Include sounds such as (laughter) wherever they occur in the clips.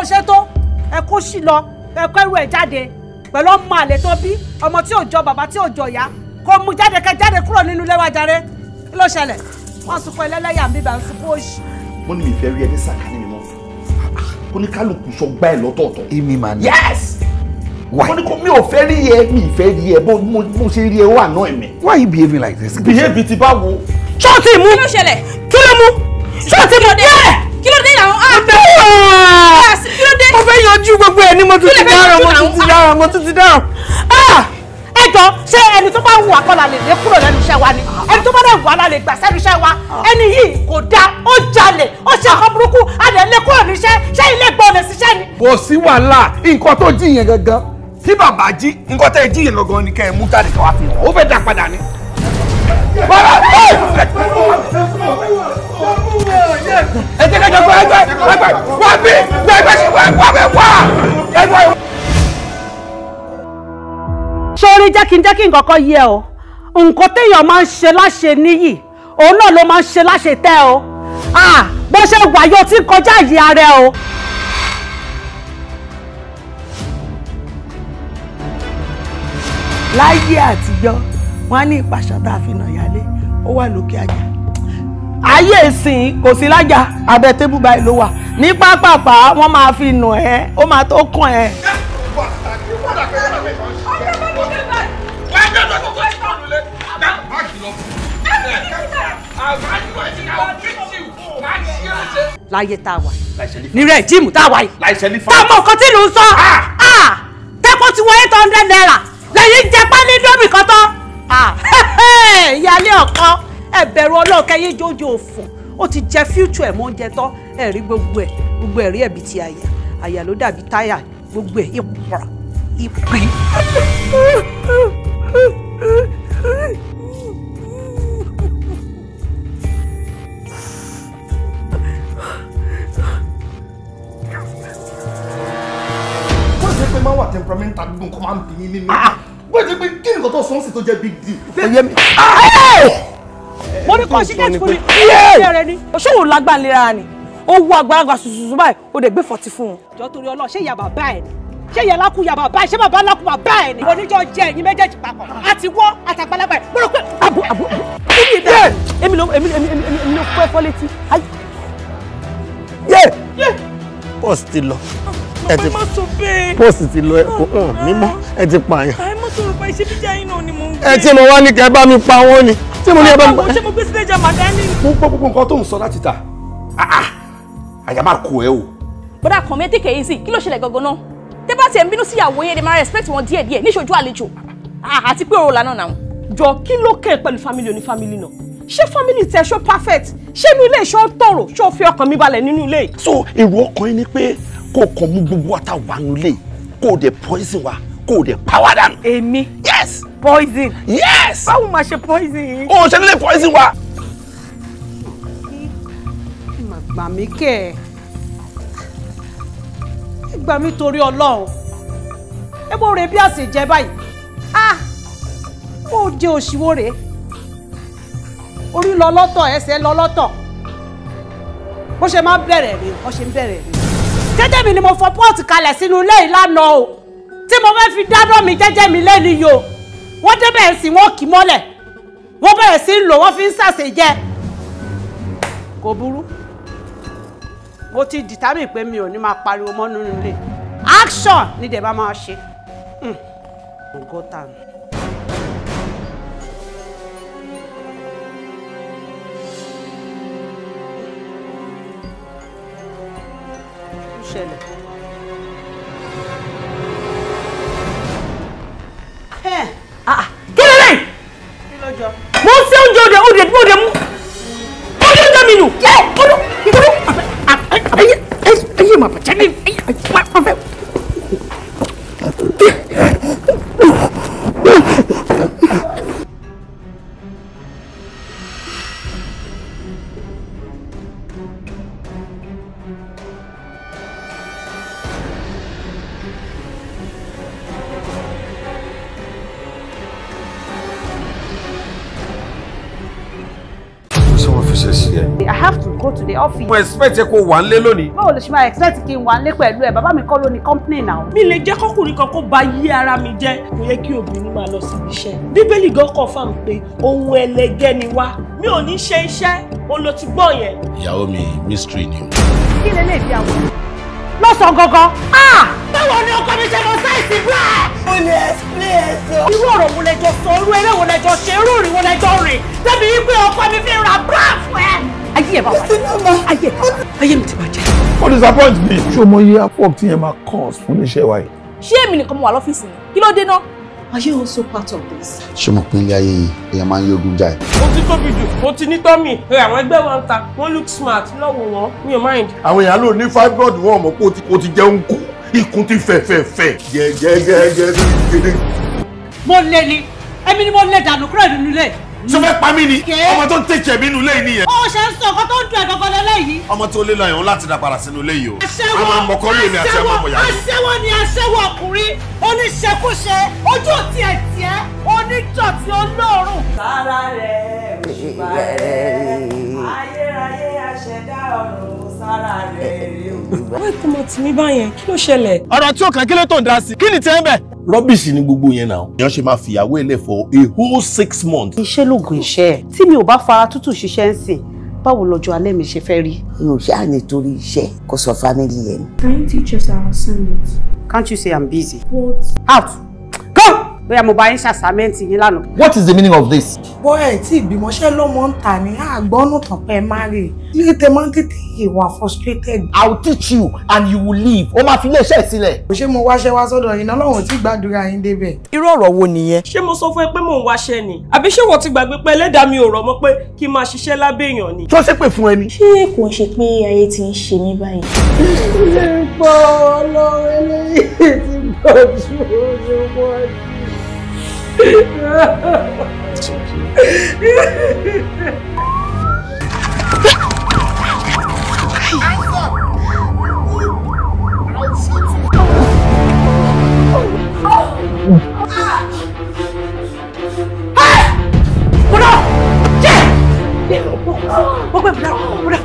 tó ṣe tó ẹ kó sì lọ ẹ kó ẹrù ẹ jáde pẹ̀lú ọmọ àlè tó bí ọmọ tí ò jọ bàbá tí ò jọ ìyá kó mú jáde kẹ jáde kúrò nínú ilé wa jàre kí ló ṣẹlẹ̀ wọ́n sunkún ẹlẹ́lẹ́yà mi bá ń sunkún òṣì. wọ́n ní mi fẹ́ rí ẹni sàkánì mi mọ́ kó ní kálukú sọ gbá ẹ lọ́tọ̀ọ̀tọ̀. èmi mà ní. yes why. mo ní kò mi ò fẹ́ rí ẹ mi fẹ́ rí ẹ bó mo ṣe rí ẹ wà náà ẹ̀mẹ́. why you behaving like this. behave ti bá wo. ṣọ́ọ̀tì mú kí ló ṣẹlẹ̀ kí ló mú ṣọ́ọ̀tì mú dé Ah! mo fẹ́ yanjú gbogbo ẹ̀ ní mo tún ti dáràn mo tún ti dáràn mo tún ti dáràn. ẹ jọ ṣé ẹni tó bá ń wà kọ́ lè lé kúrò lẹ́nu iṣẹ́ wa ni ẹni tó bá dẹ̀ wà la lè gbà sẹ́nu iṣẹ́ wa ah. ẹni yìí kò dáa ó jalè ó ṣe àkọ́ ah. burúkú a lè lé kúrò ní iṣẹ́ ṣé ilé gbọ́ lè ṣiṣẹ́ ni. kò sí wàhálà nǹkan tó jí yẹn gangan tí bàbá jí nǹkan tẹ́ jí yẹn gangan ni kẹ́ mú jáde kẹ́ wá fi hàn ó fẹ́ dá padà ni. bàbá ẹ ẹ jẹ́ ká jọ gbọ́ ẹgbẹ́ ẹgbẹ́ wá bí ẹgbẹ́ ṣe wá wá bẹ́ẹ̀ wá ẹgbẹ́. sórí jákindékì nǹkan kan yẹ o nǹkan téèyàn máa ń ṣe láṣẹ níyì òun náà ló máa ń ṣe láṣẹ tẹ o bó ṣe wàyọ tí kọjá yìí ara o. láyé àtijọ́ wọ́n á ní ìpàṣọ tá a fi nà yálé ó wà lókè àjà ayé ìsìn kò sí lájà abẹ́ tébù báyìí ló wà ní pápápá wọ́n máa fi nù ẹ́ ó máa tó kàn ẹ́. láyé tá a wà nírẹ̀ jíìmù tá a wà yìí tá a mọ nǹkan tí ìlú ń sọ ah! ah! tẹ́kọ̀ ti wọ eight hundred naira lẹ́yìn jẹ́ pálí dómì kan ah! (laughs) ìyáálé ọ̀kan ẹ bẹ̀rù ọlọ́ọ̀kẹ́ yé jójo òfò ó ti jẹ fíútù ẹ̀ mọ́ oúnjẹ tọ́ ẹ̀ gbogbo ẹ̀ gbogbo ẹ̀ ẹ̀bí ti àyà àyà ló dàbí táyà gbogbo ẹ̀ ìpọ̀rọ̀ ìpín. temperamental gbogbo nǹkan máa ń bí mi nínú. bó ah, ti ah. pé kí nǹkan tó sọ ń sì tó jẹ́ big deal. ẹ mi. Ah! kọ́ ṣíkẹ́tì fún mi ṣé rẹ ni ṣòwò lágbàlera ni ó wú agbáragbà ṣùṣùṣù báyìí ó dẹ̀ gbé fọ̀tí fún un. jọ torí ọlọ ṣé ìyá bàbá ẹ ni ṣé ìyá lákú ìyá bàbá ẹ ṣé bàbá lákú bàbá ni. oníjọ jẹ ẹyin méjèèjì papọ̀ àti wọ́ àtàgbàlagbà ẹ̀ mo rò pé. àbò àbò emi ìbẹ̀rẹ̀ èmi ló èmi èmi èmi èmi ló fọ́ ẹ̀fọ́ létí. yé pọ́s ti lọ ẹ ti pọ́s ti lọ ẹ̀kọ́ hàn mímọ́ ẹ ti pààyàn. ẹ ti mo wá ní kẹ bá mi pa wọ́n ni ṣé mo ní ẹbá ń gbà. ṣé mo gbé sílẹ̀ jẹ́ màdání. mo ń gbọ́ gbogbo nǹkan tó ń sọ láti ta ah, ah. àyà máa kó ẹ o. bọ́dà kan mi take it easy kí ló ṣẹlẹ̀ gangan náà tẹ́ bá tiẹ̀ ń bínú de yẹn lè máa respect wọn díẹ̀díẹ̀ níṣojú àlejò ah, àti pé òrò lànà náà. jọ kí Jo, kẹ́ ẹ pẹ̀lú family oní family náà ṣé family tẹ ṣó perfect ṣé inú ilé ìṣó tòrò ṣó fi ọkàn mi balẹ̀ nínú ilé. so èrò ọkàn yín ni pé kó o kàn mú gbogbo àtàwọn ilé kó o poison wa kò dẹ̀ pàwọ́ dànù. èmi. yes. poison. yes. báwo máa ṣe poison yìí. o ṣe nílé poison wa. gbà mí kẹ́ ẹ gbà mí torí ọlọ́run ẹ bó re bí àṣejẹ báyìí ah ó jẹ òṣìwò rèé orí lọ lọ́tọ̀ ẹsẹ̀ lọ lọ́tọ̀ bó ṣe máa ń bẹ̀rẹ̀ bó ṣe ń bẹ̀rẹ̀ rèé jẹ́jẹ́ mi ni mo fọ pọ́ọ̀tì kalẹ̀ sínú ilé ìlànà o tí mo fẹ́ fi dáná mi jẹ́jẹ́ mi lẹ́nu yìí o wọ́n débẹ̀ sí wọn kì mọ́lẹ̀ wọ́n bẹ̀rẹ̀ sí lò wọ́n fi ń sàṣe jẹ́ kò burú mo ti dìtámì pé mi ò ní máa pariwo mọ́ nínú ilé action ni dẹ̀ bá máa ṣe nǹkan tà mí. ṣẹlẹ̀. se oúnjẹ òde òde òde mú ọdún oúnjẹ mi nù. ọdún ọdún ayé ayé màbàjẹ́ ní ayé màbàjẹ́. mo expect ẹ kó wà ń lé lónìí. báwo lè ṣe máa expect kí n wà ń lé pẹ̀lú ẹ bàbá mi kọ́ ló ní company náà. mi lè jẹ́ kọ́kùnrin kan kó ba yí ara mi jẹ́ kò yẹ kí obìnrin máa lọ síbi iṣẹ́ bíbélì gan confam pé ohun ẹlẹgẹ́ ni wá mi ò ní ṣe iṣẹ́ olótìgbọ́ yẹn. ìyàwó mi mystery ni. kí lè lè di àwọn lọ́sàn gogo. Ah! báwo ni ọkọ mi ṣe lọ sáìsì bá ẹ. mo lè explain ẹ sọ. irú ọ̀rọ̀ wo lẹjọ sọ irú eré wo lẹjọ ṣe irú ìrìn wo lẹjọ rìn débi wípé ọkọ mi fi ra bra fún ẹ ayé ẹ̀ bá wà ayé ayé mi ti bàjẹ́. ó disappoint me. ṣé o mọ iye afọ́ọ̀kì tí yẹn máa cause fún iṣẹ́ wa yìí. ṣé èmi nìkan mo wà lọ́fíìsì ni kí ló dé náà. Are you also part of this? Ṣé mo pin ilé ayé yìí? Èèyàn máa ń yógun jà ẹ̀. Mo ti tóbi jù, mo ti ní tọ́mì, àwọn ẹgbẹ́ wa ta, wọ́n look smart lọ́wọ́ wọn, mi ò mind. Àwọn èèyàn ló ní fibroid wọn mọ̀ pé o ti jẹun kú, ikùn ti fẹ̀ fẹ̀ fẹ̀. Gẹ́gẹ́gẹ́gẹ́. Mo lè ní, èmi ni mo lè dànù kúrò nínú ilé ṣe fẹ́ pa mí ni ọmọ tó ń tẹ̀jẹ̀ mi nù lẹ́yìn nìyẹn. ó ṣe ń sọ ọkọ tó ń dùn ẹ̀kọ́kọ́ lọ lẹ́yìn. ọmọ tó lé lọ́yàn láti dà padà sínú ilé yìí o. aṣẹ́wó aṣẹ́wó aṣẹ́wó ni aṣẹ́wó ọkùnrin oníṣekúṣe ojú òtí ẹ̀ tiẹ́ onídọ̀tí olóòórùn. sára rẹ̀ òṣùpá rẹ̀ ayérayé aṣẹ̀dá ọ̀run sára rẹ̀ rẹ̀ o. wọ́n ti mọ̀ tì mí báyẹn kí ló ṣẹlẹ̀. ọ̀rọ̀ tí ò kàn kí ló tó ń dá sí kí ni tẹ́ ń bẹ̀ rọ́bìṣì ni gbogbo yẹn náà. èèyàn ṣe máa fìyàwó ẹ̀ lẹ̀ for a whole six months. iṣẹ́ lóògùn iṣẹ́ ẹ̀ tí mi ò bá fara tútù ṣiṣẹ́ ń sìn báwo lọ́jọ́ alẹ́ mi ṣe fẹ́ rí. mi ò ṣáà nítorí iṣẹ́ kó sọ fámìlì yẹn. can you teach us our assignment. can't you say i'm busy. what. out bóyá mo bá yín ṣàṣàmẹ́ǹtì yín lánàá. what is the meaning of this. bọ́ ẹ̀ tí ìgbìmọ̀ṣẹ́ lọ́mọ ń tà ní àgbọ́nù tàn pẹ́ máa rè ilé tẹ máa ń tètè ìwà frustrated. i will teach you and you will leave ó máa fi iléeṣẹ́ sílẹ̀. kò ṣe mo wáṣẹ́ wá sọ́dọ̀ yìí náà lọ́wọ́n tí gbàdúrà yín débẹ̀. irú ọ̀rọ̀ wo nìyẹn. ṣé mo sọ fún ẹ pé mò ń wáṣẹ́ ni àbí ṣé wọ́n ti gbàgbé pé ẹlẹ́dàá mi ò rọ̀ mọ́ pé kí n máa ṣiṣẹ́ lábẹ́ èèyàn ni. tó ṣe pé fún ẹni. ṣé kò ṣe pé ayé ti ń ṣe mí báyìí. ilé ìpọ̀ ọlọ́run eléyìí ti pọ̀ ju 啊！哈哈！哈哈！哈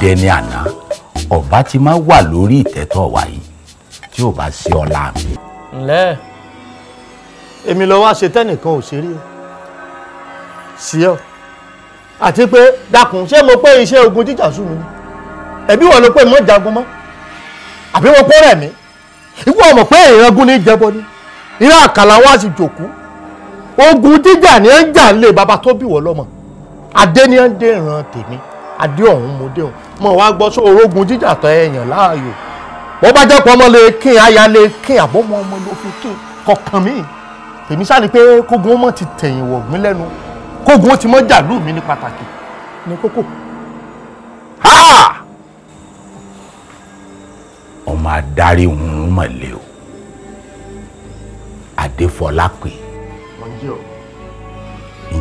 dẹni àná ọba ti máa wà lórí ìtẹ́tọ̀ wa yìí tí ò bá sí ọlá mi. ǹlẹ́ èmi lọ wá ṣe tẹ́nìkan ò ṣeré o sí ọ àti pé dákun ṣé mo pé iṣẹ́ ogun jíjà sú mi ni ẹ̀bí wọn ló pé mo jagun mọ́ àbí wọn pé rẹ̀ mí ìwọ ọmọ pé ìrangun ní jẹbọ ni ìran àkàlà wa sì jòkú ogun jíjà ni ẹ ń jà lé baba tó bí wọ lọ́mọ adé ni ẹ ń dé ìran tèmi adé ọ̀hún mo dé ọ̀hún mọ̀ wá gbọ́ sọ orógun jíjà tọ́ ẹ̀yàn láàyò bó bá jẹ́ pọ́ ọmọ lè kín aya lè kín àbọ̀mọ ọmọ ló fi kín kọ̀ọ̀kan mi tèmi sáà ni pé kógun ọmọ ti tẹ̀yìn wọ̀ mí lẹ́nu kógun ó ti mọ́ jàlú mi ní pàtàkì ní kókó. ọmọ adarí òun mọ̀lẹ́ o adéfọlá pé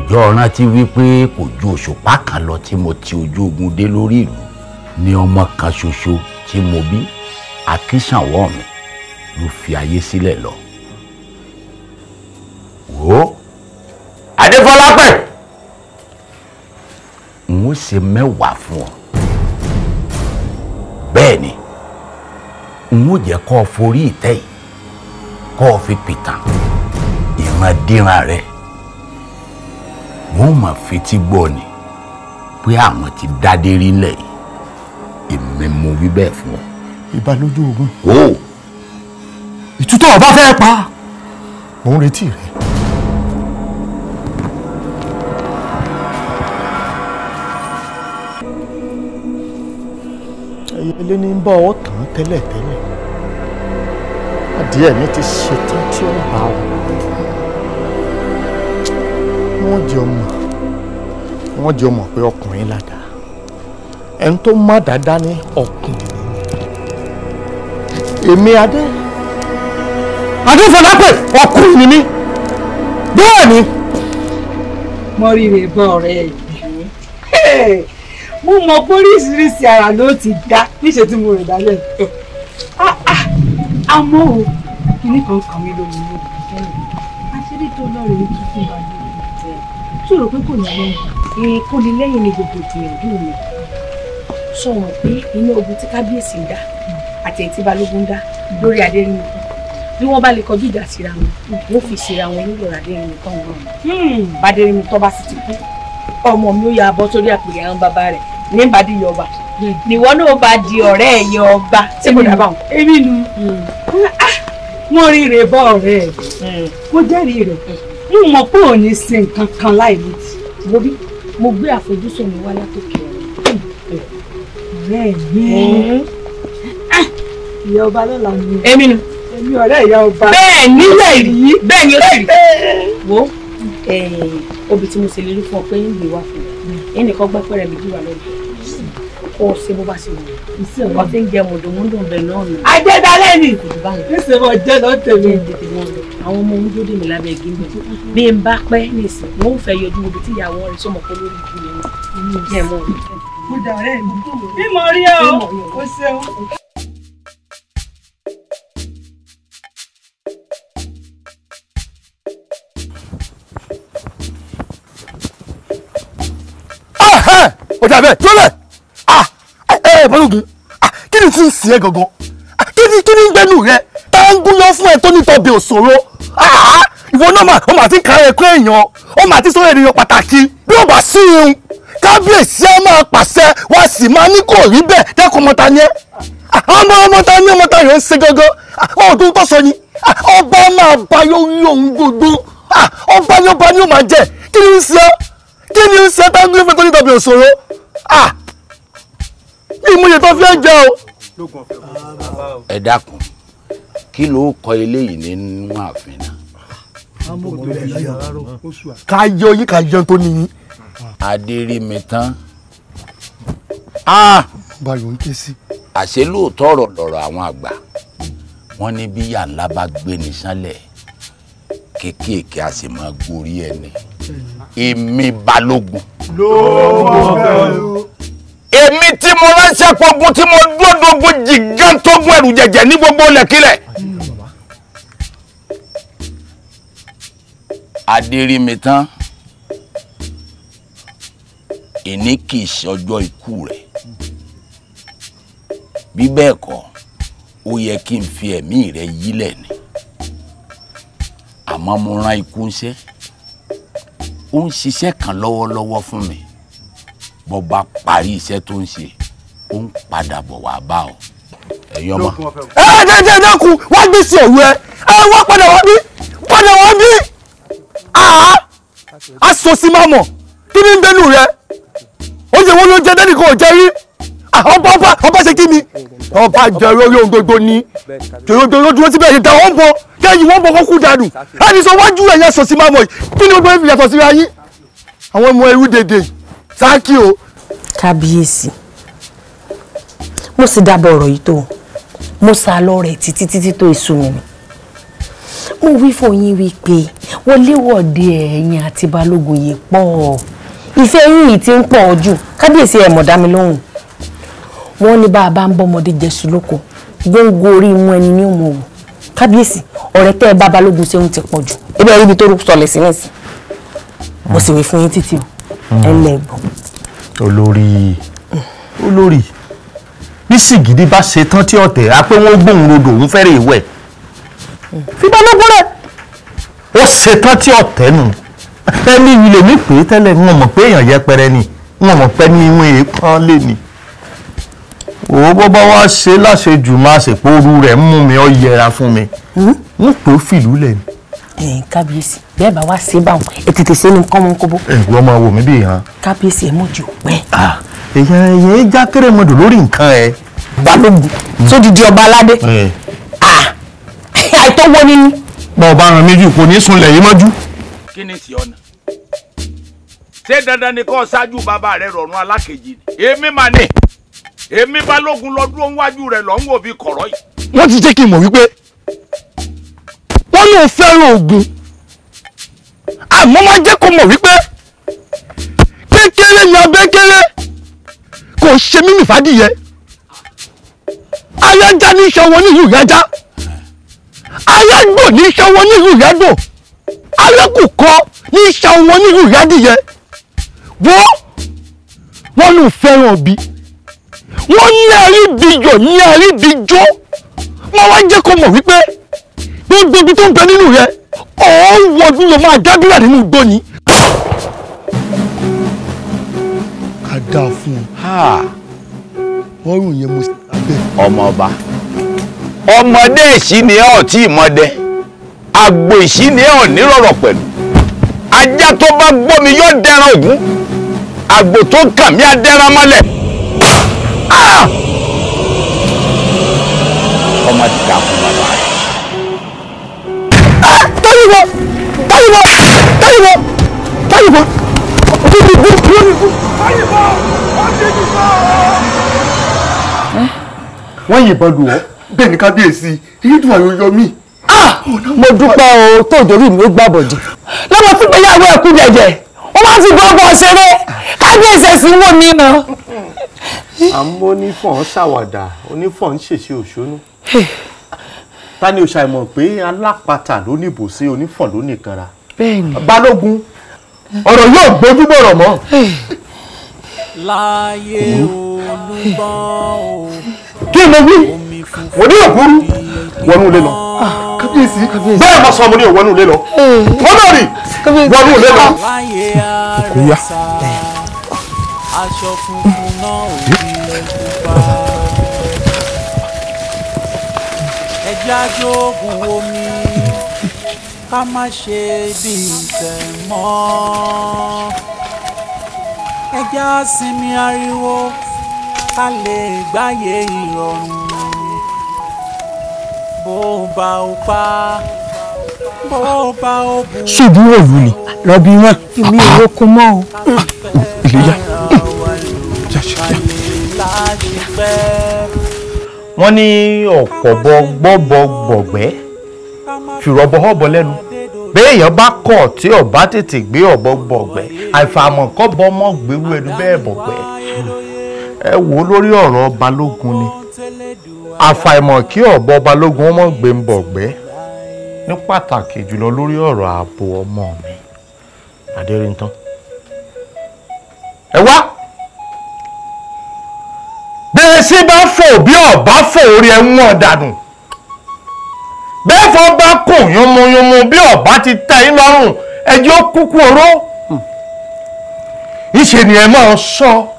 ìjọ rántí wípé kò ju òṣùpá kan lọ tí mo ti ojú ogun dé lórí ìlú ni ọmọ kan ṣoṣo tí mo bí akíṣànwọ́ mi ló fi ayé sílẹ̀ lọ. wò ó adéfọlápẹ̀ n ó ṣe mẹ́wàá fún ọ bẹ́ẹ̀ ni n ó jẹ́ kó o forí ìtẹ́ yìí kó o fi pìtàn ìrandíran rẹ wọ́n máa fetí gbọ́ ni pé àwọn ti dádé rí lẹ́yìn mi mo wí bẹ́ẹ̀ fún ọ. ìbálójú ogun. o. ìtútọ̀ ọba fẹ́ pa mò ń retí rẹ. ẹyẹlé ní bá ọ tàn tẹ́lẹ̀tẹ́lẹ̀ adìẹ mi ti ṣetán tí ó bá ọ wọ́n jẹ́ ọmọ wọ́n jẹ́ ọmọ pé ọkùnrin ládàá ẹni tó má dáadáa ní ọkùnrin èmi adé adéfọlápẹ ọkùnrin ni mí bẹ́ẹ̀ ni. mo rí rè bọ́ ọ̀rẹ́ yìí mo mọ póríṣiríṣi ara ló ti dá níṣẹ́ tí mo rẹ̀ dálẹ̀ ah, ah! àmọ́ o kìnnì kan kàn mí lómi ní àṣírí tó lọ́ọ̀rẹ́ mi tún fún bàbá mi tẹ̀ tí o rò pé kò ní lẹ́yìn kò ní lẹ́yìn ní gbogbo ìgbìyànjú mi sọ̀rọ̀ pé iná ogun tí kábíyèsí ń dá àti èyí tí balógun ń dá lórí adẹ́rìnìkan bí wọ́n bá lè kọjú ìjà síra wọn wọ́n fi síra wọn nílò adẹ́rìnìkan wọn hmm. bàdẹ́rìnìkan bá sì ti kú ọmọ mi ó yà bọ́ sórí àpèrè àwọn bàbá rẹ̀ ní ìbàdí yọba hmm. nìwọ náà bá di ọ̀rẹ́ ẹ̀ yọba tí kò dábàá wọn. èmi nu hmm. ah, wọn rí rè bọ ọ̀rẹ́ ẹ kó jẹ́rìí rẹ̀ n mọ̀ pé òní sin nǹkan láì lè ti. mo gbé àfojúsùn mi wá látòkè ọ̀rẹ́ mi. Mm-hmm. ìyá ọba lọ́la mi. èmi nu. èmi ọ̀rẹ́ ìyá ọba. bẹ́ẹ̀ ni lẹ́rìí bẹ́ẹ̀ ni lẹ́rìí. wo eh, obì tí mo ṣe lè rí fún ọ pé ń gbé wá fún mi ẹnìkan gbọ́ pẹ́rẹ́ mi jù wá lọ́dọ̀ kó o ṣe bó bá ṣe wù ú ìṣe ọ̀pá tí ń jẹ mọ̀dùnmọ́dùn bẹ̀ náà nù. ajẹ́dá lẹ́yìn ìṣe mọ̀ jẹ́ lọ tẹ̀lé. àwọn ọmọ oúnjẹ òde mi lábẹ́ igi mi bí n bá pẹ́ nìsín wọ́n fẹ́ yọjú ibi tí ìyàwó rẹ̀ sọmọ kọ́ lórí ìdílé wọn mo dàrẹ́ mi. bí mo rí ẹ o o ṣeun. ọjà ah, eh, bẹ́ẹ̀ tó lẹ̀ ẹ ah, ẹ eh, eh, balógun ah, kí ni tí ń sìn ẹ́ gangan kí ni kí ni ń gbẹ́nu rẹ tá ń gúnyán fún ẹ tó ní tọbi òṣòro ìwọ náà mà ó mà ti ń kára ẹ kó èèyàn ó mà ti sọ ènìyàn pàtàkì bí ó sí irun kábíyèsí á máa pàṣẹ wá sì máa ní kò rí bẹ́ẹ̀ dẹ́kun ọmọ ta ni ẹ́ ọmọ ọmọ ta ni ọmọ ta yẹn ń ṣe gangan ọmọ tó ń tọ́sọ ni ọba máa bá yóò rí ohun gbogbo ọba yóò bá ní ó máa jẹ kí ni ń ṣe kí ni ń ṣe táwọn gbé fẹ́tọ́ nítorí òṣòro ìmúyẹ tó fi jẹ o. ẹ dákun kí ló kọ eléyìí nínú ààfin náà. ká yọ yín ká yọ tó níyìn adérímitán ah! ah! báyọ̀ ń ké sí. àṣé lóòótọ́ ọ̀rọ̀ lọ̀rọ̀ àwọn àgbà wọ́n ní bí yà ńlá bá gbé ní sánlẹ̀ kéékèèké a sì máa gorí ẹni èmi balógun. èmi tí mo ránṣẹ́ pogun tí mo dúró dogun ẹ̀rù jẹ̀jẹ̀ ní gbogbo lẹ̀kílẹ̀. adérímitán èní kì í ṣe ọjọ́ ikú rẹ̀ bí bẹ́ẹ̀ kọ́ ó yẹ kí n fi ẹ̀mí rẹ̀ yílẹ̀ ni àmọ́ mo rán ikú ń ṣe ó ń ṣiṣẹ́ kan lọ́wọ́lọ́wọ́ fún mi bó bá parí iṣẹ́ tó ń ṣe ó ń padà bọ̀ wá bá ọ ẹ̀yin ọmọ. ẹ ẹ jẹjẹ dákun wá gbé sí ẹwú ẹ ẹ wá padà wá bí padà wá bí àá aṣọ sí máa kí ni ń bẹnu rẹ oúnjẹ wo ló ń jẹ dẹ́nì kan ò jẹ rí ah, ọba ọba ọba ṣe kí ni ọba jẹrọ yóò gbogbo ni jòjòjò dúró síbẹ̀ ìdá wọn bọ kẹ́yìn wọn bọ kó kú dànù ẹni sọ wájú ẹ̀yẹ sọ sí máa mọ̀ kí ni gbogbo ìyàtọ̀ sí ayé àwọn ọmọ ẹrú dèdè sáàkì o. kábíyèsí mo sì dábọ̀ ọ̀rọ̀ yìí tó mo sá lọ rẹ̀ títí títí tó èso mi mo wí fún yín wípé wọléwọ̀de ẹ̀yin àti balógun yìí pọ̀ ìfẹ́ yín yìí ti ń pọ̀ ju. kábíyèsí ẹ̀ mọ̀ dá mi lóhùn wọ́n ní bá a bá ń bọ́mọdé jẹ̀sù lóko góńgó orí imú ẹni ní òmò wò kábíyèsí ọ̀rẹ́ tẹ́ ẹ bá balógun ṣeun ti pọ̀ jù ebi ẹ̀rí ibi tó sọlẹ̀ sí nìsín mo sì wí fún yín títí o ẹlẹ́gbọ̀n. olórí olórí bí sìgìdì bá ṣe tán tí ọ̀tẹ̀ á pé wọ́n gbóhùn rodò òun fẹ́rẹ̀ ìwẹ̀ fi balógun rẹ̀ ó ṣe tán tí ọ̀tẹ̀ nù tẹ́lẹ̀ yìí lèmi pè é tẹ́lẹ̀ wọn mọ̀ pé èèyàn yẹpẹrẹ ni wọn mọ̀ pé ní ìwé èèkàn lè ní. òwò bó bá wá ṣe láṣejù máa ṣèpòru rẹ̀ mú mi ọ yẹra fún mi hmm? wọn pè ó fìlú lẹ̀ ni. ẹ̀yin kábíyèsí bẹ́ẹ̀ bá wá ṣe báwọn ẹ tètè ṣe ni kọ́mọ kóbó. ẹ wọ́n máa wò mí bí ìhàn. kábíyèsí ẹ mọ̀jì òpẹ́. èèyàn ẹ̀yẹ já kérèmọdò lórí nǹkan ẹ. balógun hmm. sódìdí ọba aládé àìtọ́wọ́ kí ni sì ọ̀nà ṣé dandan ni kó ṣáájú bàbá rẹ rọrùn alákejì ni èmi mà ní èmi balógun lọ dúró níwájú rẹ lọ ń wò bí kọ̀rọ̀ yìí. wọ́n ti jẹ́ kí n mọ̀ wípé wọ́n ní òun fẹ́ràn ogun àmọ́ wọ́n jẹ́ kó mọ̀ wípé kékeré yan bẹ́kẹ́rẹ́ kò ṣe mímì fàdíyẹ ayájá ní sọ wọn nílùú yájá ayágbò ní sọ wọn nílùú yágbò arákù kọ́ ní iṣẹ́ wọn ní ìrẹ́dìyẹ wọ́n wọ́n ló fẹ́ràn bí wọ́n ní ẹ̀rí bíjọ ní ẹ̀rí bíjọ wọ́n wá jẹ́ kó mọ̀ wípé gbogbo ibi tó ń bẹ nínú rẹ ọ̀ọ́wọ́ ni mo máa dábìrà nínú igbó ni. ká dá a fún un bọ́rùn yẹn mo abẹ́. ọmọ ọba ọmọdé èsì ni ẹ ò àgbò ìṣíní ẹ̀ ọ̀ní rọ̀rọ̀ pẹ̀lú ajá tó bá gbọ́ mi yóò dẹran ògún àgbò tó kàn mí á dẹran mọ́lẹ̀. ọmọ ti dà fún bàbá rẹ. táyìnbó ah! táyìnbó táyìnbó táyìnbó táyìnbó táyìnbó táyìnbó táyìnbó. wọ́n yìnbọn lù ọ́ bẹ́ẹ̀ ni kábíyèsí èyí dùn àyọ̀yọ̀ mi mo dúpẹ́ o tó ìdórí mi ó gbàbọ̀dì. lọ́wọ́ tí gbéyàwó ẹ̀ kú jẹ̀jẹ̀ wọ́n máa ti gbọ́gbọ́ ṣeré kábíyèsí ẹ̀sìn wò mí nà. àmọ́ onífọ̀n ń ṣàwàdà onífọ̀n ń ṣèṣe òṣónú. ta ni o ṣàìmọ̀ pé alápatà ló ní ìbòsí onífọ̀n ló nìkanra. balógun ọ̀rọ̀ yóò gbójú bọ̀rọ̀ mọ́. láyé olúbọ̀ o. kí ni mo wí? mo ní òkúrú wọnú ilé lọ kábíyèsí bẹ́ẹ̀ mo sọ mo ní ìwọ́nú ilé lọ eh. wọ́n náà wọ́nú ilé lọ. kò yá. ẹja jókòó omi ká má ṣe bí ìtẹ̀ mọ́. ẹja sinmi ariwo ká lè gbáyé ìrọ̀rùn ṣùgbọ́n òru ni rọ̀bì wọn. èmi ò roko mọ́ o. ìléyà wọ́n ní ọ̀pọ̀ bọ gbọ́bọ gbọ̀gbẹ́ fìrọ̀bọ ọ̀bọ lẹ́nu béèyàn bá kọ̀ tí ọba tètè gbé ọ̀bọ gbọ̀gbẹ́ àìfàmọ̀ kọ́ bọ́ mọ́ gbérú ẹnu bẹ́ẹ̀ bọ̀gbẹ́ ẹ wò ó lórí ọ̀rọ̀ balógun ni àfàìmọ̀ kí ọ̀bọ balógun ọmọ gbé ń bọ̀gbẹ́ ní pàtàkì jùlọ lórí ọ̀rọ̀ ààbò ọmọ mi adéríntán ẹ wá bẹ́ẹ̀ bá fò bí ọ̀bá fò orí ẹ̀wọ̀n dànù bẹ́ẹ̀ fọ́ bá kùn yánmọ́yánmọ́ bí ọ̀bá ti tẹ̀ yín lọ́rùn ẹjọ́ kúkú oró hmm. ìṣènìyàn máa sọ. So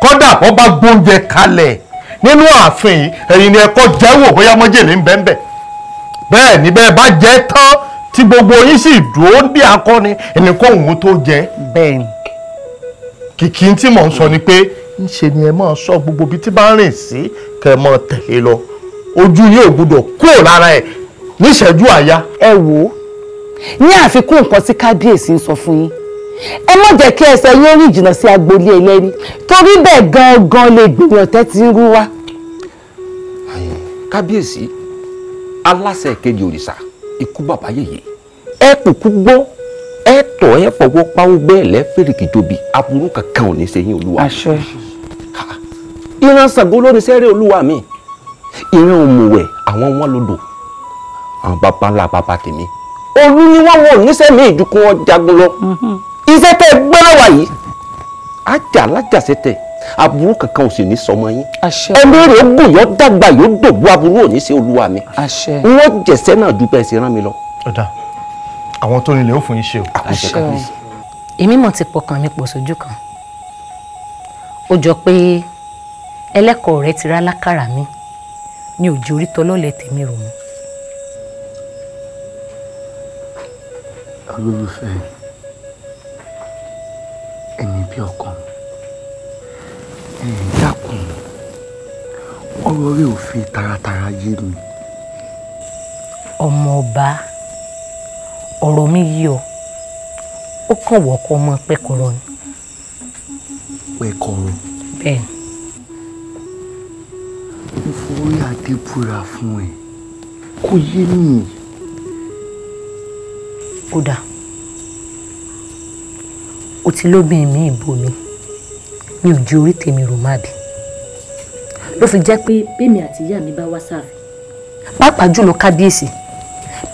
kódà wọn bá gbóúnjẹ kalẹ̀ nínú ààfin ẹ̀yin ni ẹ̀kọ́ jẹ́wò bóyá mọ́jèlé ń bẹ́ẹ̀ bẹ́ẹ̀ ni bẹ́ẹ̀ bá jẹ́ tán tí gbogbo yín sì dúró ní akọni ẹni kó òun tó jẹ. bẹ́ẹ̀ ni. kìkì tí mò ń sọ ni pé ńṣe ni ẹ máa sọ gbogbo ibi tí bá ń rìn sí kẹ́ ẹ máa tẹ̀lé lọ ojú yín ò gbúdọ̀ kúrò lára ẹ̀ níṣẹ́jú àyà. ẹ wò ó ní àfikún nǹkan tí kábíyèsí ń sọ fún yín ẹ má jẹ́ kí ẹsẹ̀ yóò rìn jìnnà sí agboolé ẹlẹ́ni torí bẹ́ẹ̀ gangan lè gbìyànjú ọ̀tẹ̀ tí ń rú wá. kábíyèsí aláṣẹ kejì òrìṣà ikú bàbá yèyé ẹ kúkú gbọ́ ẹ tọ̀ ẹ fọwọ́ pawó bẹ́ẹ̀ lẹ́fẹ̀rìkì jobi aburú kankan ò ní ṣe yín olúwa. àṣẹ. ìran Ṣàngó ló ní sẹ́rẹ̀ olúwa mi ìran òmùwẹ̀ àwọn wọn lodò àwọn baba ńlá baba tèmi olú ni wọn wọ níṣẹ́ mi ìdúkún ọjagun lọ. Mhm iṣẹ́ tẹ́ ẹ gbé lọ́wọ́ yìí ajá alájàṣẹ́ tẹ̀ aburú kankan ò sì ní sọmọ yín ẹni rẹ̀ gùn yọ dàgbà yóò dògbò aburú ò ní sí olúwa mi wọ́n jẹ̀sẹ́ náà ju bẹ́ẹ̀ ṣe rán mi lọ. ọ̀dà àwọn tó nílé ó fún yín o. àṣẹ o èmi mọ̀ ti pọkàn mi pọ̀ sójú kan ó jọ pé ẹlẹ́kọ̀ọ́ rẹ ti rá lákàrà mi ní òjò orí tọlọ́lẹ̀ tèmi rò mú. olólùfẹ́ yìí bí ọkàn ẹ dákun ọ̀rọ̀ rẹ ò fi taratara yé mi. ọmọọba ọ̀rọ̀ mi yí ọ ó kàn wọ́ ọkọ ọmọ pẹ́kọ̀rọ̀ ni. pẹ́kọ̀rọ̀. bẹ́ẹ̀ mo forí adé búra fún ẹ kò yé mi. kódà ó ti lóbìnrin mi ìbò mi mi ò ju orí tèmi rò má bì ló fi jẹ́ pé bẹ́mi àti ìyá mi bá wá sáàfin pàápàá jùlọ kábíyèsí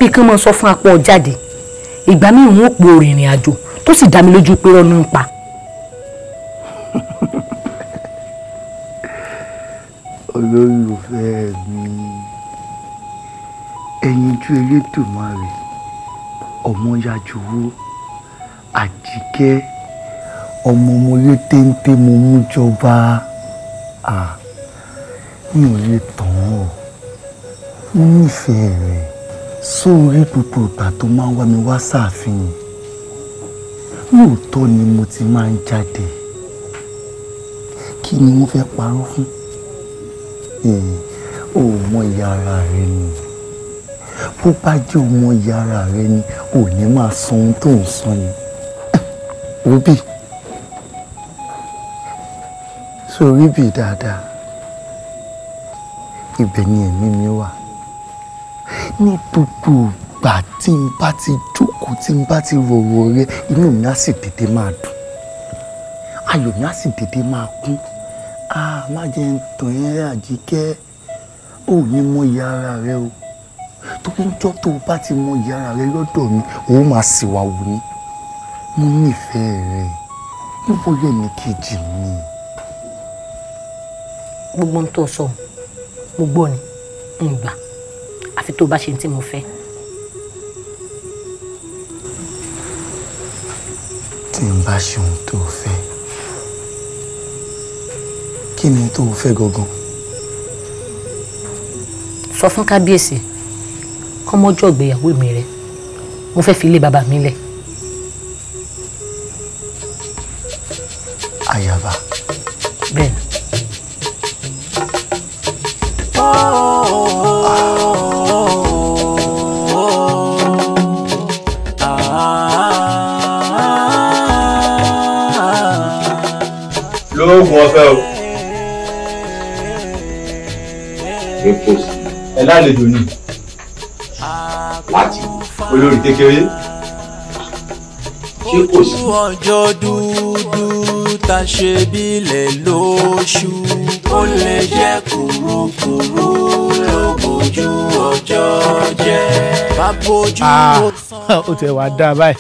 bí kí n mọ sọ fún apọ jáde ìgbà míì ò pe orin ìrìn àjò tó sì dá mi lójú pé ọ̀nà ń pa. (laughs) olólùfẹ́ mi ẹ̀yin ju elétò máa rè ọmọ yájú wo àjíkẹ́ ọmọ mo lé téńté mo mú jọba à mi ò lè tàn ọ́ mo nífẹ̀ẹ́ rẹ̀ sórí gbogbo ìgbà tó máa ń wá mi wá sáàfin lóòótọ́ ni mo ti máa ń jáde kí ni wọ́n fẹ́ parọ́ fún ò mọ ìyá ara rẹ ni bó bá jẹ́ ọmọ ìyá ara rẹ ni ò ní máa san ohun tó ń san ni òbí sórí bì dáadáa ibẹ̀ ni ẹ̀mí mi wà ní gbogbo ìgbà tí n bá ti jókòó tí n bá ti rọ̀rọ̀ rẹ inú mi á sì dédé máa dùn ayọ̀ mi á sì dédé máa kún a má jẹ́ ń tàn ẹ́ àjíkẹ́ ò ní mọ iye ara rẹ o torí ọjọ́ tó o bá ti mọ iye ara rẹ lọ́dọ̀ mi ò máa sì wà wò ni mo nífẹ̀ẹ́ rẹ ìwọ yẹn ní kejì mi gbogbo ohun tó sọ mo gbọ́ ni n gbà àfi tó bá ṣe tí mo fẹ́. tí n bá ṣe ohun tó fẹ́ kí ni tó fẹ́ gangan. sọ fún kábíyèsí kọ́mọ́jọ́ ìgbéyàwó mi rẹ mo fẹ́ fi ilé bàbá mi lẹ̀. ayaba. lórí post ẹ lálejò ni láti olórí kékeré ṣé kò sí. ojú ọjọ́ dúdú ta ṣe bílẹ̀ lóṣù ó lè jẹ́ kúrúkúrú lójú ọjọ́ jẹ́ bábojú ah, (laughs) ó sàn. ó tẹ̀ wá dá báyìí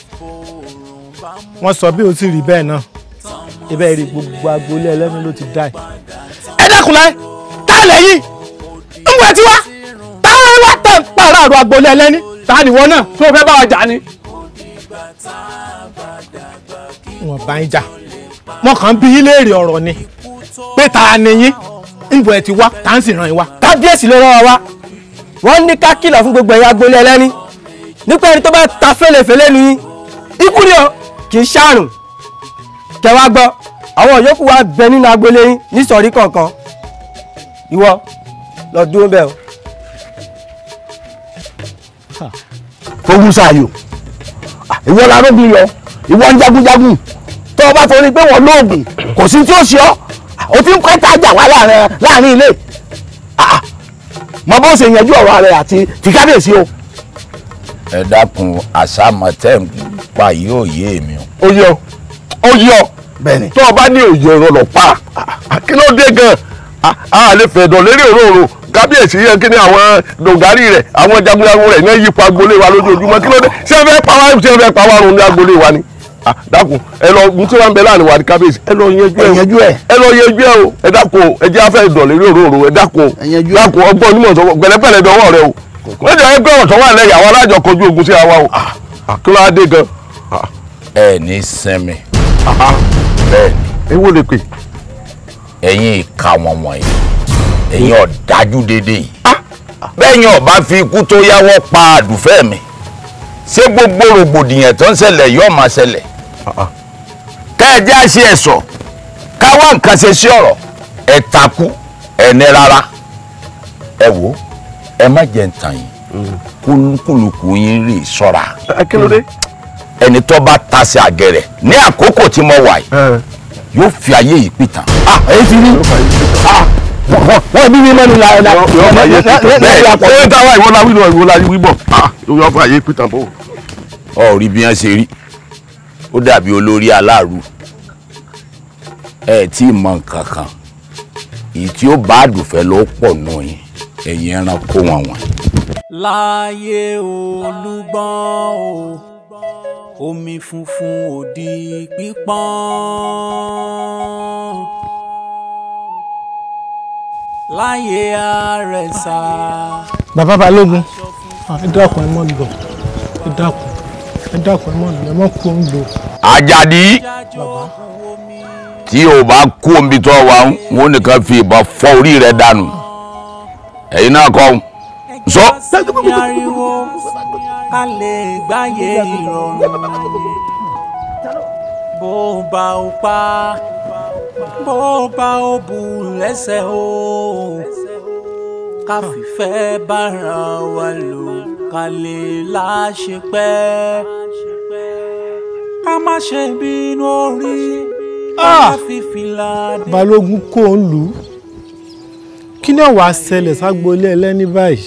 wọ́n sọ bí o ti rí bẹ́ẹ̀ náà ibẹ̀ rí gbogbo agboolé ẹlẹ́nu ló ti dá ẹ̀. ẹ dákun láì tá a lẹ́yìn ń wẹ̀ tiwa táwọn wà tẹ̀ ń pààrọ̀ àrò agboolé ẹlẹ́ni ta ni wọ́n náà tó fẹ́ bá wa jà ni. wọn bá ń jà wọn kàn ń bi yín ọ̀rọ̀ ni pé ta ni yín ń bọ̀ ẹ̀ ti ń sì ràn yín wá. kábíyèsí ló rán wa wá wọ́n ní ká kìlọ̀ fún gbogbo ẹ̀yà agboolé ẹlẹ́ni nípa ẹni tó bá ta fẹ́lẹ́fẹ́lẹ́ ni ikú ni o kì í ṣàrùn kẹwàá gbọ́ àwọn yòókù wa bẹ nínú agboolé yín nísọ̀rí kọ̀ọ̀kan ìwọ lọ dúró bẹ́ẹ̀ o. ogun ṣàyò ah, ìwọ la róbi yọ ìwọ ń jagunjagun tó o bá torí pé wọn lóògùn kò sí tí ó ṣe ọ ah, o ti ń kọ́ ìtajà wá láàrin ilé ah, mọ bó ṣe yanjú ọ̀rọ̀ rẹ àti ti kábíyèsí o. ẹ dákun àṣàmọ̀tẹ́m pa yóò yé mi o. ó yọ ó yọ bẹ́ẹ̀ni tó o bá ní òye ọ̀rọ̀ lọ pa kí ló dé gan-an a lè fẹ̀dọ̀ lérí òróró kábíyèsí yẹn kí ni àwọn dògárì rẹ̀ àwọn jagunjagun rẹ̀ náà yípo agbolé wa lójoojúmọ́ kí ló dé ṣé ẹ fẹ́ pa wá ṣé ẹ fẹ́ pa wá run ní agbolé wa ni dákun ẹ lọ n tí wọn bẹ láàrin wa ni kábíyèsí ẹ lọ yanjú ẹ ẹ lọ yanjú ẹ o ẹ dákun ẹ jẹ́ afẹ́ ìdọ̀lẹ́ lóróró ẹ dákun dákun ọgbọ́n onímọ̀ sọ́wọ́ gbẹ̀lẹ́gbẹ̀lẹ́ dọwọ́ rẹ o lọ́jọ́ ẹ gbẹ̀wọ̀ sọ́wọ́ àlẹ́ yàwó alájọ kọjú ogun sí àwa o kílódé gan. ẹ ní sinmi bẹ́ẹ̀ ni. ewo lè pè. ẹ̀yin ìka wọn wọ̀nyí ẹ̀yin ọ̀dájú dédé yìí ah, bẹ́ẹ̀yin ọba fi ikú tó yáwọ́ pa àdùfẹ́ mi ṣé gbogbo rògbòdìyàn tó ń ṣẹlẹ̀ yóò máa ṣẹlẹ̀ ah, ah. kẹ́ẹ̀jẹ́ àṣẹ ẹ̀sọ̀ káwá nǹkan ṣe sí ọ̀rọ̀ ẹ̀ takú ẹni rárá ẹ wo ẹ má jẹ́ ntàn yín mm. kúlùkù yín rè sọ́ra eh, mm. ẹni tó bá tasẹ̀ àgẹ̀rẹ̀ ní àkókò tí mo wà yìí eh. yóò fi ayé yìí pìtàn. ah èyí ti rí ah wọ́n bí mímọ́ ni láyé láyé àpọ̀. ẹ dáwà ìwọ́lá wíwọ̀ ìwọ́lá wíwọ̀ yọ fà yé pété bò. Ah, ọ rí bí wọn ṣe rí ó dàbí olórí aláàrú ẹ tí ì mọ nǹkan kan èyí tí ó bá àdùfẹ́ ló pọ̀ nù yín ẹ̀yin ẹranko wọn wọn. láyé olúgbọ́n o omi funfun òdì pípọ́n láyé ààrẹ sá. bàbá balógun ẹ dákun ẹ mọ lọ ẹ dákun ẹ dákun ẹ mọ lọ ẹ mọ kó ń lò. Àjàdí tí o bá kú omi tó wa wọn nìkan fi ìbọn fọ́ orí rẹ dànù ẹ̀yin náà kọ́ sọ. bó bá o pa bó bá ó bu lẹ́sẹ̀ o ká fìfẹ́ bára wa lò ká lè láṣepẹ́ ká má ṣe bínú orí ká fífi ládé. balógun kò ń lù ú kí náà wàá ṣẹlẹ̀ ságbolé ẹlẹ́ni báyìí.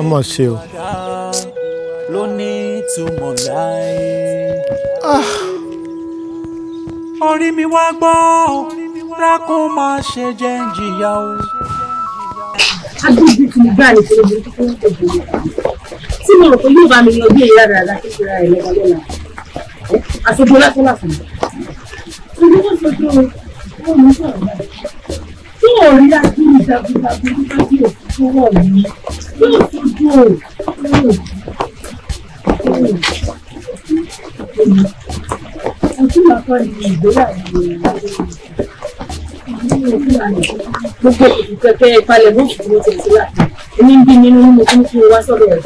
ọmọ ṣe o. lónìí to moonlight. Ah. orí mi wá gbọ́ rákùn máa ṣe jẹ́ ń jìyà o. agbègbè tí mo gbà ní kí ló ń tó gbòòrò tí mo rò pé yóò bá mi yanjú ìyá rẹ̀ alákẹ́kọ̀ọ́ rẹ̀ lọ́wọ́ lọ́la àṣojú lásánà fún mi. ṣùgbọ́n wọ́n sọ pé ó mú sọ̀rọ̀ báyìí tí ò rí láti ní jagunjagun nípa bí òkú tó wọ̀ mí yóò tún dùn ó gbogbo kẹkẹ ìpalẹ̀ bó fi mo tẹ̀sí wà ní bí nínú mo tún fi wá sọ́dọ̀ rẹ̀.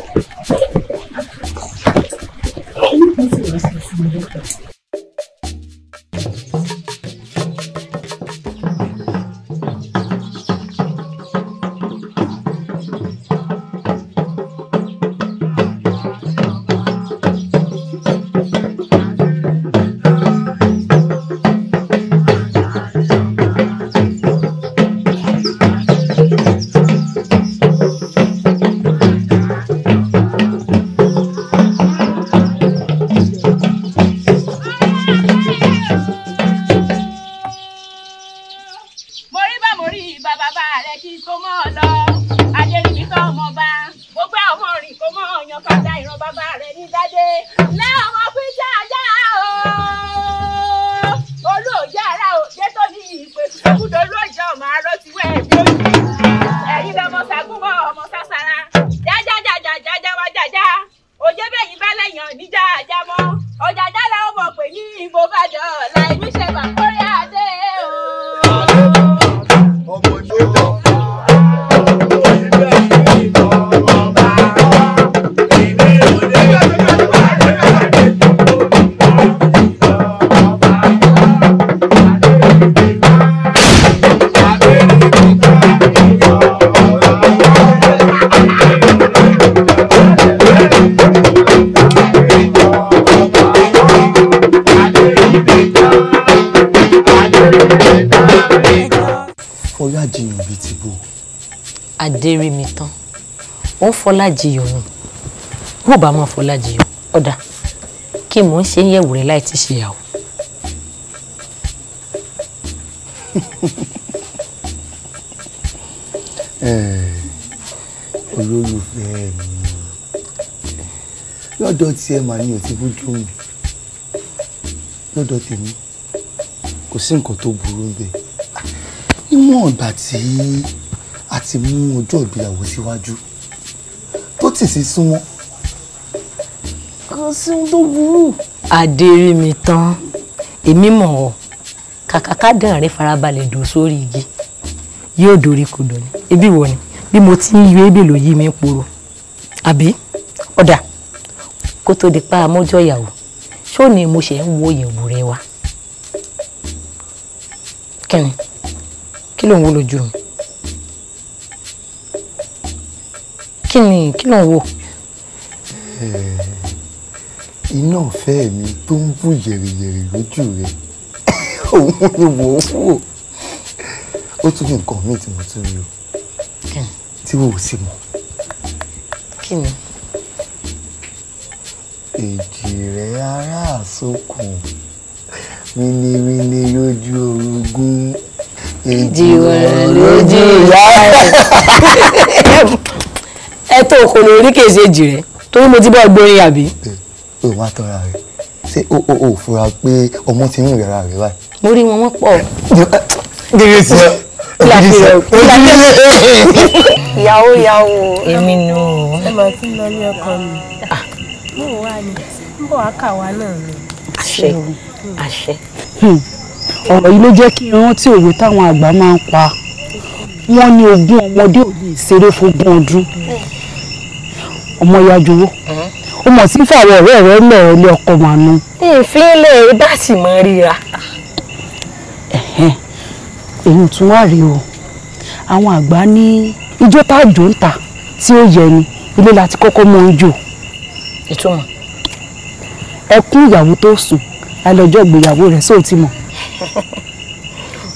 Bọ̀dé rí mi tán ó ń Fọlájiyọ̀ mi bó bá mọ Fọlájiyọ̀ ọ̀dà kí mò ń ṣe ń yẹ̀wò rẹ̀ láì ti ṣèyàwó. (laughs) Eh, olólùfẹ́ mi lọ́dọ̀ tí ẹ mà ní òtí bójú mi lọ́dọ̀ tèmi kò sí nǹkan tó burú bẹ́ẹ̀ níwọ̀n ìgbà tí a ti mú ọjọ́ ìgbéyàwó síwájú tó tì sí súnmọ́ kò sí ohun tó burú. àdérí mi tán èmi mọ̀ ọ́ kàkàkádàn rẹ farabalẹ̀ dò sórí igi yóò dorí kodò ni ebi wọ ni bí mo ti ń yọ ebè ló yí mi poro àbí ọ̀dà kó tó di pa amọ́jọ́ ìyàwó ṣó ni mo ṣe ń wo ìyẹ̀wò rẹ wa kẹ́ni kí ló ń wo lójú mi. kí ni kí ló ń wò. Eh, iná ọ̀fẹ́ mi tó ń bù yẹ̀rìyẹ̀rì lójú rẹ (laughs) òun ni mò ń wò ó tún ní nǹkan míì tí mo tún rí o tí wò ó sì mọ̀. kí ni. èjì rẹ̀ ará àsokùn wíníwíní lójú orogún èjì rẹ̀ lójú ìyá rẹ̀. (laughs) ẹ tó kò lè rí kèsì èjì rẹ torí mo ti bọ́ gbórin àbí. o wá tọ́ra rẹ ṣé o o ò fura pé ọmọ ti ń rìn ara rẹ báyìí. mo rí wọn wọn pọ̀. gẹ́gẹ́ sí ẹ ìyàwó ìyàwó èmi nù ú. ẹ máa ti ń lọ ní ọkọ mi ah. mò ń wá ní ń bọ̀ àkàwá náà ni. àṣẹ hmm. àṣẹ. Hmm. ọ̀rọ̀ yìí ló jẹ́ kí n rántí òwe táwọn àgbà máa ń pa wọ́n ní ogún ọmọdé ò lè ṣeré fógún ọdún hmm ọmọ ya jowó o mhm. mọ̀ sí fàwọn ọ̀rẹ́ rẹ lẹ̀ ọ́ lé ọkọ mà nù. ìfínlẹ̀ bá sì mọ ríra. èyí tún wá rèé o àwọn àgbà ní ijó tá a jò ń ta tí ó yẹ ni ilé láti kọ́kọ́ mọ ijó. ìtumọ̀. ẹkún ìyàwó tó sùn alọ́jọ́ ìgbéyàwó rẹ̀ sóòtì mọ̀.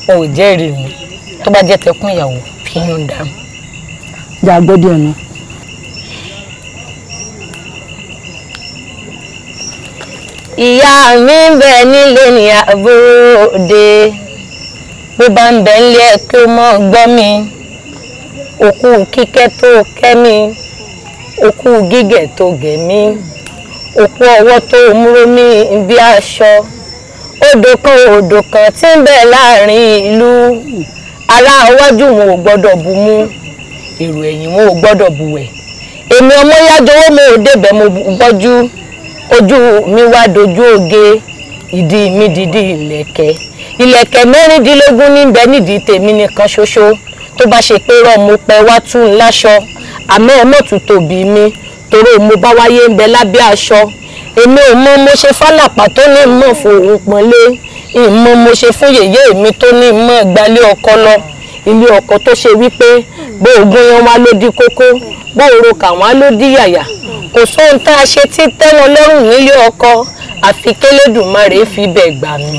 o (laughs) ò jẹ́rìí mi tó bá jẹ́ tẹkún ìyàwó fi ń dàrú. jà gbọ́dọ̀ ẹnu. ìyá mi ń bẹ nílé ní àbúrò bó bá ń bẹ nílé ẹ kí ó mọ gbọ́ mi òkú kíkẹ́ tó kẹ́ mi òkú tó gẹ̀ ọwọ́ tó múró mi bí aṣọ odò kan odò kan ti ń bẹ láàrin ìlú aláwájú wọn ò bu mú èrò ẹ̀yìn wọn ò bu ẹ̀ èmi ọmọ ò débẹ̀ mo bọ́jú. ojú mi wá dojú oge ìdí mi dìdí ìlẹ̀kẹ̀ ìlẹ̀kẹ̀ mẹ́rìndínlógún níbẹ̀ nídìí tèmi nìkan ṣoṣo tó bá ṣe pé rọ mo pẹ́ wá tún láṣọ àmọ́ ọmọ tún tòbí mi torí mo bá wáyé ń bẹ lábẹ́ aṣọ èmi ò mọ mo ṣe fálàpà tó ní mọ̀ fòun pọ́nlé ìmọ̀ mo ṣe fún yèyé mi tó ní mọ̀ gbalé ọkọ lọ ilé ọkọ tó ṣe wípé bó ògùn wá ló di kókó bó òrokà wá ló di yàyà kò sóhun tá a ṣe tí tẹ́wọn lọ́rùn nílé ọkọ àfi kélédùmarè fi bẹ̀ gbà mí.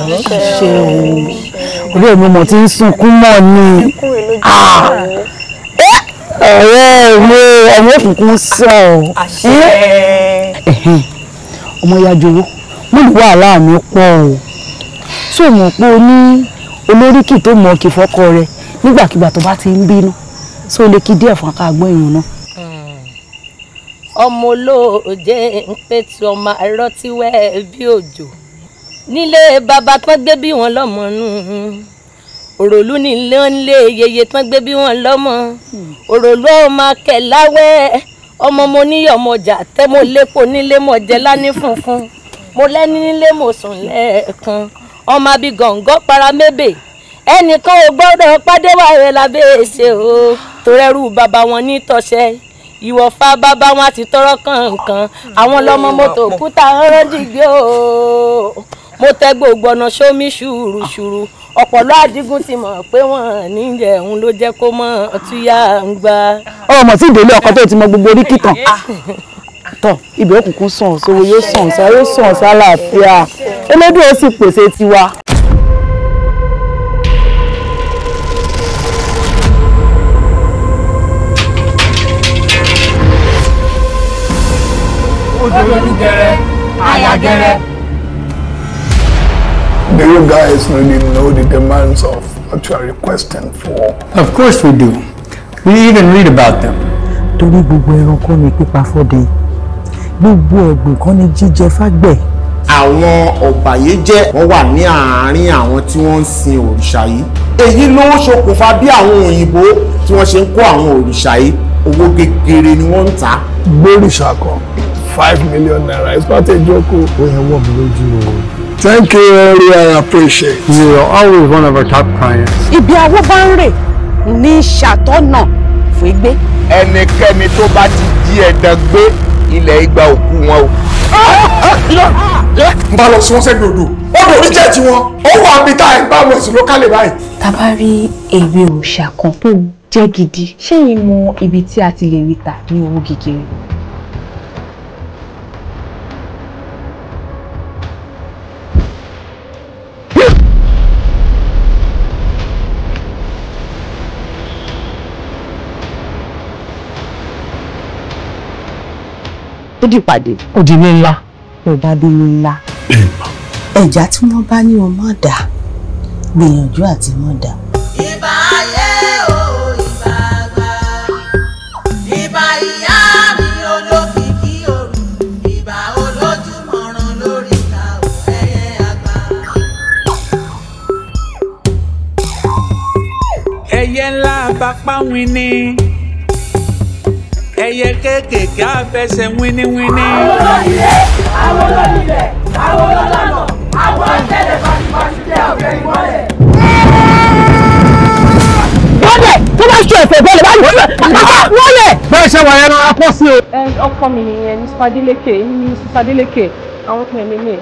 orí èmi mo ti ń sunkún mọ́ ni ah! eh! ọ̀rẹ́ mi ọmọ òkùnkùn sọ ọ́ ọmọ ìyá jọ̀wọ́ mo ní wàhálà mi pọ̀ o tó mọ̀ pé o ní olóríkì tó mọ̀ kì fọ́kọ rẹ nígbàkigbà tó bá ti ń bínú tó lè kí díẹ̀ fún akáàgbọ́n èèyàn náà ọmọ olóòjé ń pètù ọmọ arọtíwẹ bí òjò nílé bàbá tán gbé bí wọn lọ́mọ nù òròlú nílé nílé yeye tán gbé bí wọn lọ́mọ òròlú ọmọ akẹláwẹ ọmọ mo níyọ ọmọ ọjà tẹ mo lépo nílé mo jẹ lání funfun mo lẹni nílé mo sùn lẹ́ẹ̀kan ọmọ àbí gọ̀ǹgọ̀ para mébè ẹnìkan ò gbọ́dọ̀ pàdé wàhálà bẹ́ẹ̀ ṣe o torẹ́rù bàbá wọn ní tọ́ṣẹ́ ìwọ̀fà bàbá wọn àti tọrọ kankan àwọn lọmọ mọ́tò òkúta ọ̀rọ̀ dìgbé o mo tẹ gbogbo ọ̀nà sómi ṣùrùṣùrù ọ̀pọ̀lọ́ àdígún ti mọ̀ pé wọ́n ní ẹ̀hún ló jẹ́ kó mọ̀ ọtúyà ń gba. ọmọ tí ìdílé ọkọ tó ti mọ gbogbo orí kìtàn ah. tọ ibẹ̀ òkùnkùn sàn sówó yóò sàn sára yóò sàn sára àfíà elédùn ó sì pèsè tiwa. Do you guys really know the demands of what you are requesting for? Of course we do. We even read about them. Torí gbogbo ẹranko ni pípa fọ́dẹ. Gbogbo ẹ̀gbìn kan ni jíjẹ fágbẹ̀. Àwọn ọ̀bàyéjẹ́ wọ́n wà ní àárín àwọn tí wọ́n ń sin òrìṣà yìí. Èyí ló ṣokùnfà bí àwọn òyìnbó tí wọ́n ṣe ń kó àwọn òrìṣà yìí. Owó kékeré ni wọ́n ń ta. Gbóríṣà kan five million naira it's not a joke o. Oh. ó wọ́n mi lójú o. Oh. thank you very I appreciate. you are always one of our top clients. ibi àwọn bá ń rè ní ṣàtọ̀nà fún gbé. ẹnikẹ́ni tó bá ti jí ẹ̀dàn gbé ilẹ̀ igba òkú wọn o. n bá lọ sí wọn sẹ́gbẹ̀ odò ó dò orí jẹ́ tiwọn ó wà níbi tá a ń bá wọn sí lókàlẹ̀ báyìí. tá a bá rí èrè òòṣà kan tó jẹ́ gidi ṣé ìmọ̀ ibi tí a ti lè rí ta ní owó kékeré. ó di ìpàdé. ó di ní ńlá. yóò bá bí ní ńlá. bẹ́ẹ̀ ma. ẹ̀já tí wọ́n bá ní o má dà gbìyànjú àti má dà. ìbà ayé o ìbà àgbà ìbà ìyá mi olókìkí òru ìbà olójúmọ̀ràn lórí ìkàwé ẹyẹ àgbà. ẹyẹ ńlá bá páwìn ni ẹyẹ kéékèèké àfẹsẹ̀ wíníwíní. àwọn olóyìnlẹ̀ àwọn olóyìnlẹ̀ àwọn olólànà àwọn àtẹlẹ pàṣípàṣí jẹ́ ọ̀bẹ ìmọ̀lẹ̀. bọ́dẹ̀ tó bá ṣe ẹ̀fẹ̀ bọ́ọ̀lù báyìí wọ́n lẹ̀. bẹ́ẹ̀ ṣe wàá yẹn lọ akọ́ sí o. ọkọ mi nìyẹn ní sùpàdélékè ní sùpàdélékè àwọn ọkùnrin mi nìyẹn.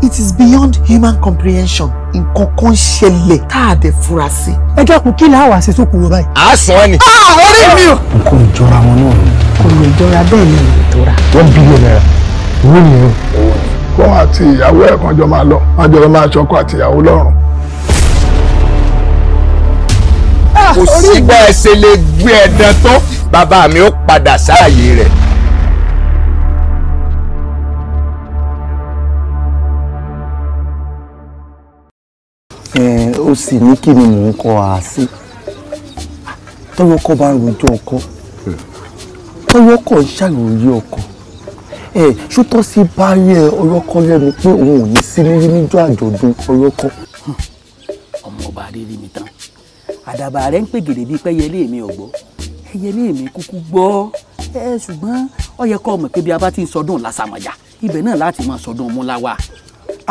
It is beyond human comprehension. Nǹkan kan ṣẹlẹ̀ tá a dẹ̀ fura sí. Ẹ dẹ́kun kí la wàá ṣe tó kúrò báyìí. A sọ ẹ ni. Orí ah, mi o. Nǹkan ìjọra wọn náà ni. Kò lè jọra bẹ́ẹ̀ ni ìlú tó ra. Wọ́n bílíọ̀ náírà. ni o. Kó àti ìyàwó ẹ̀ kan jọ máa lọ. Má jọ lọ máa ṣọkọ àti ìyàwó lọ́rùn. kò sí bá ẹ ṣe lè gbé ẹ̀dán tó bàbá mi ó padà sáàyè rẹ̀. ó sì ní kí ni mò ń kọ àásí tọ́wọ́ kọ́ bá rojọ́ ọkọ tọ́wọ́ kọ́ ń ṣàròyé ọkọ ẹ ṣútọ́ sí báyé ọlọ́kọ́ lẹ́nu pé òun ò ní sí níjọ́ àjọ̀dún ọlọ́kọ́. ọmọ ọba rírí mi tán àdàbà rẹ ń pè gèrè bíi pẹ́yẹlé mi ọ̀gbọ́ ẹyẹlé mi kúkú gbọ́ ẹ ṣùgbọ́n ó yẹ kó mọ̀ pé bí a bá ti ń sọdún làṣàmọ̀já ibẹ̀ náà láti máa sọdún múlá wa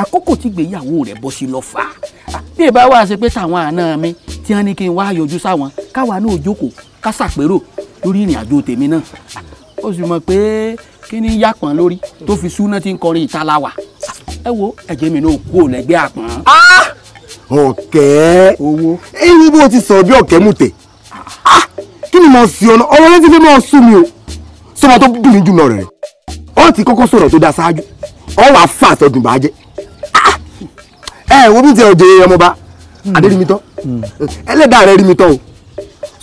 àkókò tí gbéyàwó rẹ̀ bọ́ sí lọ fà á bí ìbá wa ṣe pé táwọn àna mi tí wọ́n ní kí n wá yọjú sáwọn káwa náà jókòó ká ṣàpérò lórí ìrìn àjò tèmi náà ó sì mọ̀ pé kí ni yàpọ̀n lórí tó fi súná ti ń kọrin ìtaláwà ẹ wo ẹ̀jẹ̀ mi náà kú ò lẹ́gbẹ́ àpọ̀n. Ah! ọ̀kẹ́ owó ẹyin bó ti sọ̀rọ̀ bí ọ̀kẹ́ mùtẹ̀ ah, kí ni mo sì ọ̀nà ọ̀rọ̀ rẹ ti fi máa sún mi o sọmọ tó dùn mí jù lọ rẹ̀ ọ̀ ti kọ́kọ́ sọ̀rọ̀ tó dáa ṣáájú ọ̀ wàá fà sọ̀dùn bàjẹ́ ah, ẹ wo bí ti ọjọ́ ọmọba hmm. adérímitọ́ hmm. ẹlẹ́dàá rẹ rímitọ́ o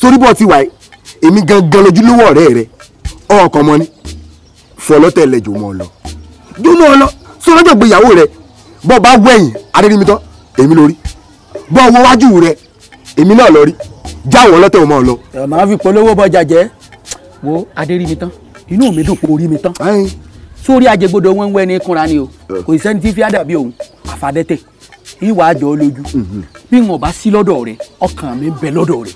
sórí bọ́ ti wà yìí èmi gangan lójúlówó ọ̀rẹ́ rẹ ọkọ̀ mọ́ ni fọlọ́tẹ̀lẹ̀ jò mọ́ lọ jóná lọ sọ́lọ́jọ̀gbéyàwó rẹ bọ́ bá wẹ̀yìn adérímitọ́ èmi lórí bọ́ owó wájú rẹ èmi náà lọ rí jáwọ́ lọ́tẹ̀ ò mọ̀ lọ. màá fi polówó bọjà jẹ́ wo adé rí mi tán inú mi dùn kò rí mi tán sórí ajẹgbodò wọn ń wẹ ní kúnra ni o kò sẹ́ni tí fi àdàbí òun àfàdẹ́tẹ̀ ìwà àjọ lójú mhm. bí wọn bá sí lọ́dọ̀ rẹ ọkàn mi bẹ lọ́dọ̀ rẹ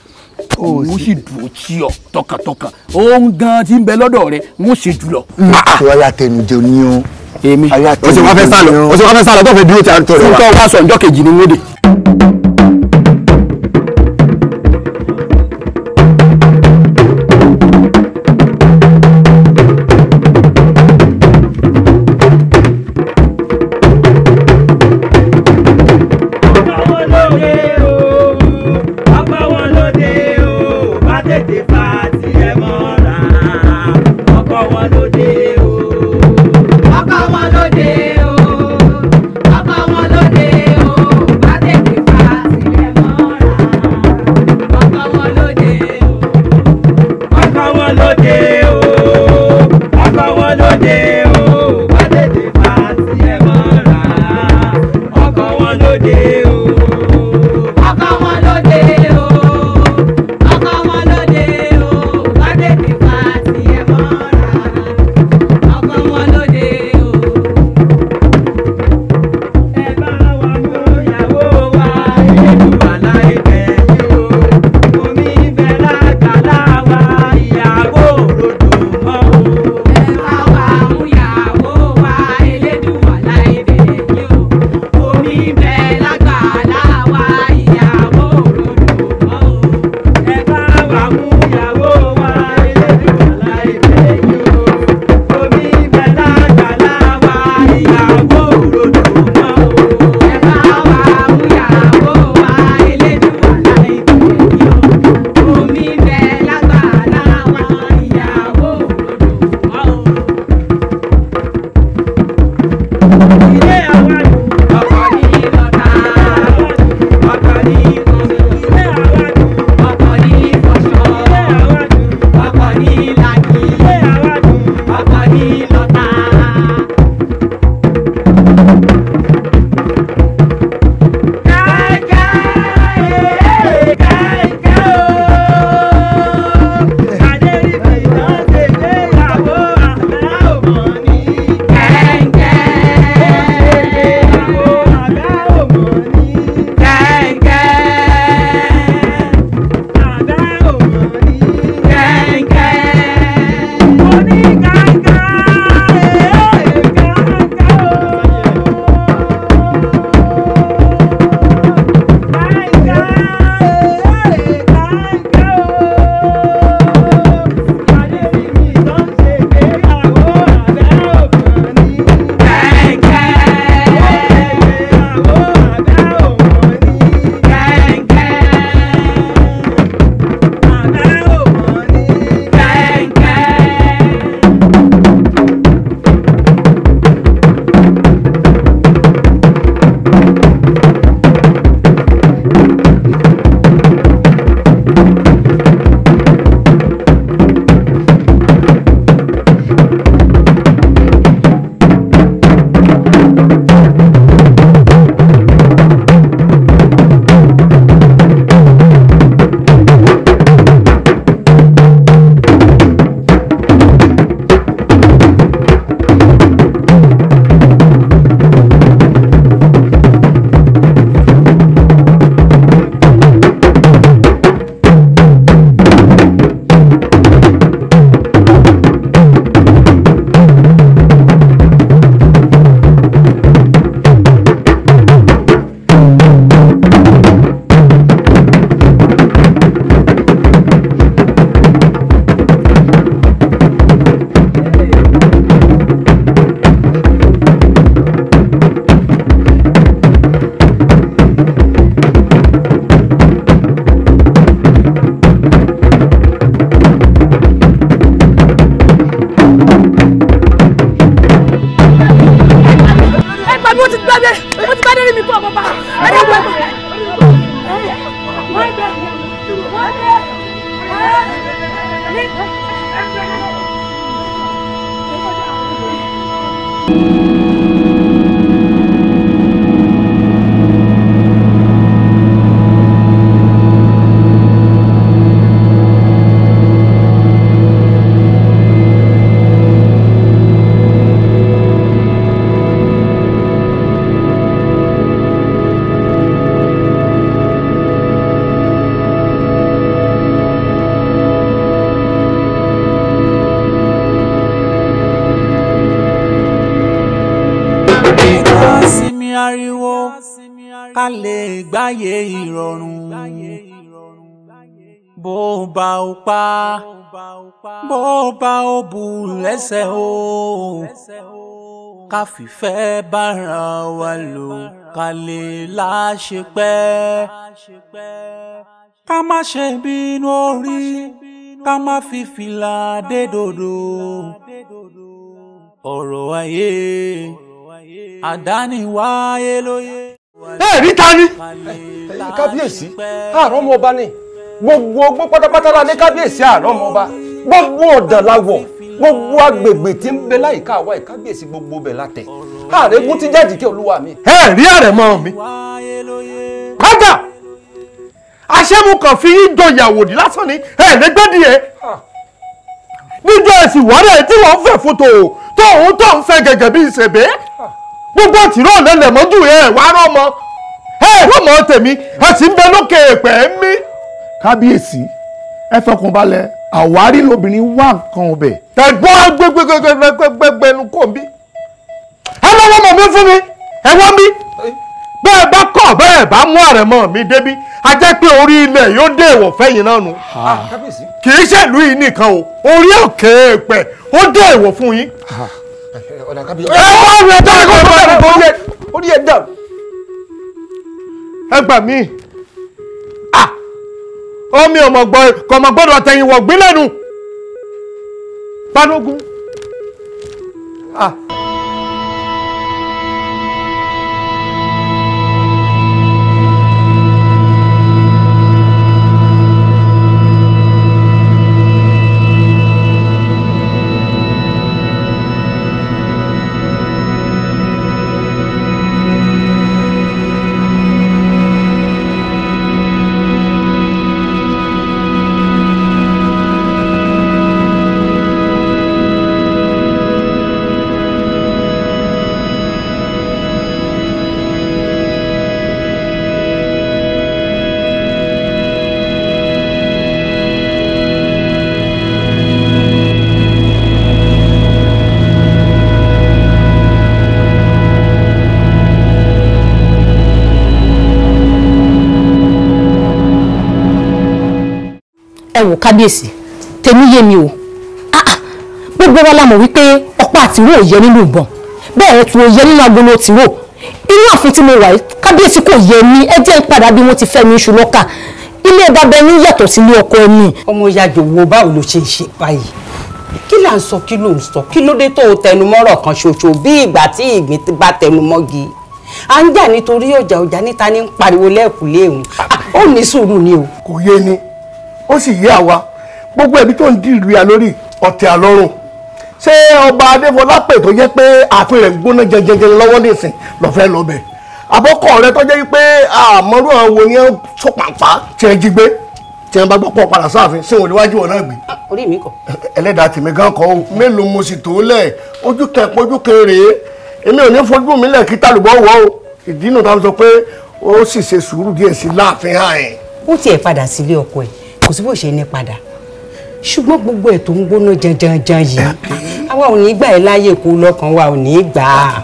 òun sì dùn tí ọ tọkàntọkàn òun gan ti ń bẹ lọ́dọ̀ rẹ n ó ṣe jùlọ. ọ̀ya mm. ah, ah. tẹnujẹ ni o. èmi ọ̀ya tẹnujẹ ni o. o ṣe wá fẹ́ sálọ o ṣe wá fẹ́ sálọ tó fẹ́ dúró tí a ń tọrọ wa. fún tọ́ sọ ọjọ́ kejì ni wọ́n dé. ká fìfẹ́ bára wa lò ká lè láṣepẹ́. ká má ṣe bínú orí ká má fi fìlà dédòdò. ọ̀rọ̀ ayé àdániwáyé lóye. ẹ rí ta ni. kábíyèsí àárọ̀ ọmọ ni gbogbo ogbó pátápátá la ní kábíyèsí àárọ̀ ọmọ gbogbo ọ̀dàn la wọ̀ gbogbo agbègbè tí ń bẹ láyìíká àwa ìkábíyèsí gbogbo bẹ̀ látẹ̀ àrègún ti jáde kí olúwa mi. ẹ rí àrẹ̀mọ mi pátá àṣẹmu kan fi yín dọ̀yàwó di lásán ni ẹ lè gbẹ́dì ẹ níjọ èsì wàrẹ̀ tí wọ́n fẹ́ fòtò tó òun tó ń fẹ́ gẹ́gẹ́ bí ìṣèbé gbogbo tìrọ̀ lẹ́lẹ̀ mọ́jú ẹ wàá rọ́ mọ́ ẹ rọ́mọ́ tèmi ẹ sì ń bẹ lókè èèpẹ̀ mi kábíyèsí ẹ fọkàn balẹ̀ àwárí lobìnrin wá nǹkan ọbẹ̀. ẹ̀gbọ́n gbẹgbẹgbẹgbẹnu kò ń bí. ẹ lọ wọ́n mọ̀ mí fún mi ẹ wọ́n mi. bẹ́ẹ̀ bá kọ̀ bẹ́ẹ̀ bá mú àrẹ̀mọ mi débí a jẹ́ pé orí ilẹ̀ yóò dé èèwọ̀ fẹ́yìn náà nu. Ah, ah, kì í ṣèlú yìí nìkan o orí òkè èèpẹ̀ ó dé èèwọ̀ fún yín. Ah, eh, ẹ wá rẹ̀ dáa kó bá rẹ̀ bọ́ yẹ orí ẹ̀ dà. ẹ gbà míì omi ọmọ gbọ́ kọmọ gbọ́dọ̀ tẹ̀yìn wọ̀ gbin lẹ́nu. panogun ah kábíyèsí tèmi yé mi o ah, ah, gbogbo wa la mọ̀ wípé ọ̀pá àtìró ò yẹ nínú ìbọn bẹ́ẹ̀ tún ò yẹ nínú agolo tìró inú ààfin tí mo wà yìí kábíyèsí kò yẹ mí ẹ jẹ́ ń padà bí wọ́n ti fẹ́ mi iṣu lọ́kà ilé bàbá ẹni yàtọ̀ sí ilé ọkọ ẹni. ọmọ ìyá jòwó báwo ló ṣe ń ṣe báyìí kí là ń sọ kí ló ń sọ kí ló dé tó o tẹnumọ́rọ̀ kan ṣoṣo bí ìgbà tí ìgbín bá tẹnumọ́gi à ń jà nítorí ọjà ọjà níta ní pariwo lẹ́ẹ̀kúlé òun ó ní sùúrù ni o. kò yé ni ó sì yé àwa gbogbo ẹbí tó ń di ìlú ya lórí ọ̀tẹ̀ àlọ́run ṣé ọba adéfọlápẹ̀ tó jẹ́ pé ààfin rẹ̀ ń gbóná jẹjẹjẹ lọ́wọ́ nísìn lọ́fẹ́ lọ́bẹ̀ àbọ̀kọ̀ rẹ tó jẹ́ pé àmọ́rú àwọn wo ni ẹ sọ pàǹpá tí ẹ jí gbé tí ẹ bá gbọ́ pọ̀ padà sáàfin sí òun níwájú ọ̀nà ìgbé. Ah, orí mi kọ. ẹlẹ́dàá tèmi gan kọ́ o mélòó mo sì tó lẹ̀ ojú kẹpọ̀ ojú kéré èmi ò ní fojú mi lẹ̀ kí tálùbọ̀ wọ̀ o ìdí nù táwọn sọ pé ó sì ṣe sùúrù díẹ̀ sí láàfin hàn ẹ̀. ó tiẹ̀ padà sílé ọkọ ẹ̀ kò sí bó ṣe ní padà ṣùgbọ́n gbogbo ẹ̀ tó ń gbóná janjanjan yìí àwa ò ní gbà ẹ́ láyè kó lọ́kàn wa ò ní gbà á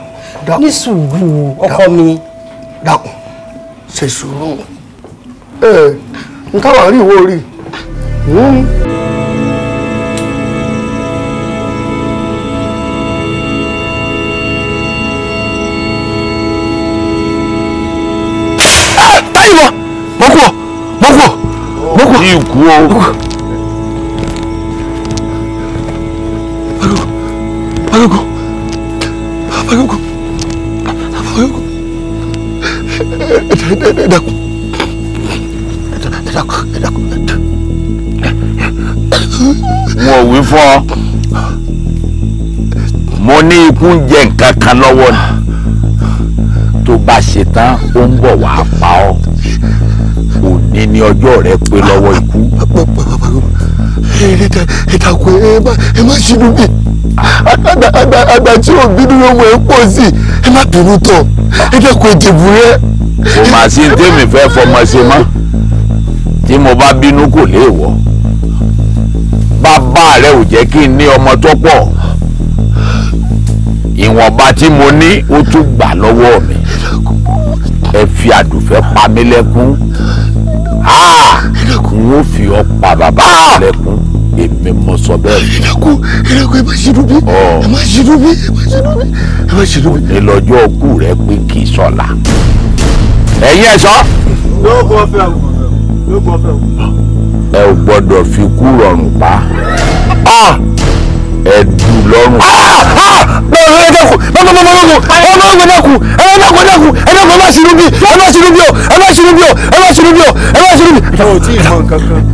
ní sùúrù ọkọ mi. dákun ṣe sùúrù ẹ nǹkan wà rí ìwọ rí. Hmm? Ah, báyìí wọ mọ kú ọ mọ kú o. Apagó. Apagó. Apagó. Ẹ dákun. Ẹ dákun. Ẹ dákun. Wọ́n wí fún ọ. Mo ní ikú ń jẹ nǹkan kan lọ́wọ́ ni. Tó bá ṣe tán, ó ń bọ̀ wá pa ọ́. Òní ni ọjọ́ rẹ pé lọ́wọ́ ikú. Ẹ dákun ẹ má ṣe dùn mí àgbà tí ò bínú ló mọ ẹ pọ̀ sí ẹ má bínú tọ̀ ẹ dẹ́kun ìdìbò rẹ. kò máa sí tèmi fẹ́ fọmọ ṣe mọ́ tí mo bá bínú kò léèwọ̀ bàbá rẹ ò jẹ́ kí n ní ọmọ tó pọ̀ ìwọ̀nba tí mo ní ó tún gbà lọ́wọ́ mi ẹ fi àdùfẹ́ pa mí lẹ́kún n ó fi ọ pa bàbá rẹ kún èmi mo sọ bẹ́ẹ̀. ẹ̀rẹ́kù ẹ̀rẹ́kù ẹ má ṣe dúbí ẹ ẹ má ṣe dúbí ẹ má ṣe dúbí. ní lọ́jọ́ òkú rẹ pé kì í sọ̀la. ẹ̀yin ẹ̀ṣọ́. yóò kọ́ fẹ́ o yóò kọ́ fẹ́ o. ẹ ò gbọ́dọ̀ fi kú rọrùn pa ẹ dùn lọ́rùn. bẹ́ẹ̀ ni ẹ dẹ́kun bẹ́ẹ̀ ni ọmọ dẹ́kun ẹ dẹ́kun ẹ dẹ́kun ẹ dẹ́kun ẹ má ṣe dúbí ẹ má ṣe dúbí o ẹ má ṣe dúbí o ẹ má ṣe dúbí o ẹ má ṣe dúbí. ẹ ò tí ì mọ nǹkan kan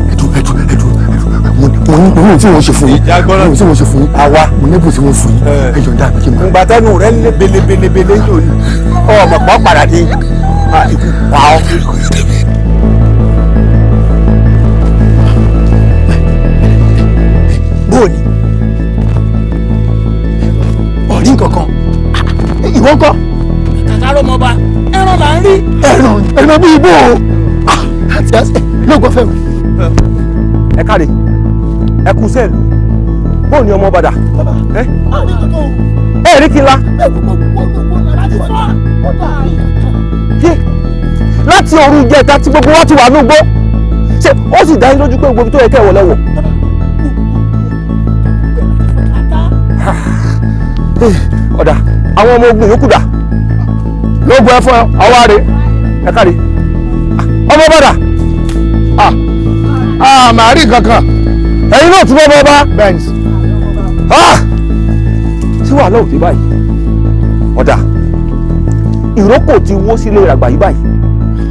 mo ní mo ní tí mo ṣe fún yín mo ní tí mo ṣe fún yín àwa mo ní bùsùn mo fún yín eh. ẹjọ dá àbíkí mọ. ìgbà tẹnu rẹ lé yóò ní ọmọ pọ padà dé pa ọ. bóòni ọ̀rí nkankan ìwọ ńkọ́. kàkà ló mọ ba ẹran là ń rí. ẹran ẹran bí ibò o ah, lọ́gbọ́n fẹ́ mi. Eh. ẹ káre sẹ́ẹ̀lì bóun ni ọmọ bàdà. ẹ ẹ rí kí n la. láti òru ìjẹta tí gbogbo wa ti wà ní igbó ṣe ó sì dá yín lójú pé gbogbo tó yẹ kẹ́ ẹ̀ wọlé wọ̀. (sighs) ọ̀dà àwọn ọmọ ogun yòókù dà lóògùn ẹ fún ọwọ́ àárẹ̀ ẹ kárí ah, ọmọ bàdà àmàrí ah, ah, kankan ẹ̀yin náà ti bọ́ bọ́ bá Benz tí wàhálà òde báyìí ọ̀dà ìrókò ti wó sílé ìràgbà yìí báyìí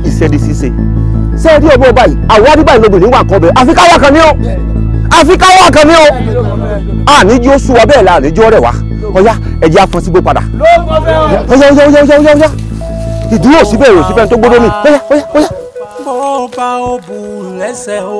ìṣẹ́dí ṣíṣe sẹ́ẹ̀dí ọgbọ́n báyìí àwárí báyìí lóbìnrin wà kọ́bẹ̀ àfi káwá kan ní o àfi káwá kan ní o àníjú ó sú wa bẹ́ẹ̀ la àníjú ọ̀rẹ́ wa ọ̀yá ẹ̀jẹ̀ afọ́nsígbó padà ọ̀yá ọ̀yá ọ̀yá ọ̀yá ọ̀yá ọ̀yá ìdúró síbẹ̀ èrò síbẹ̀ tó gbódó mi ọ̀yá ọ̀yá ọ̀yá. bó bá ó bù lẹ́sẹ̀ o.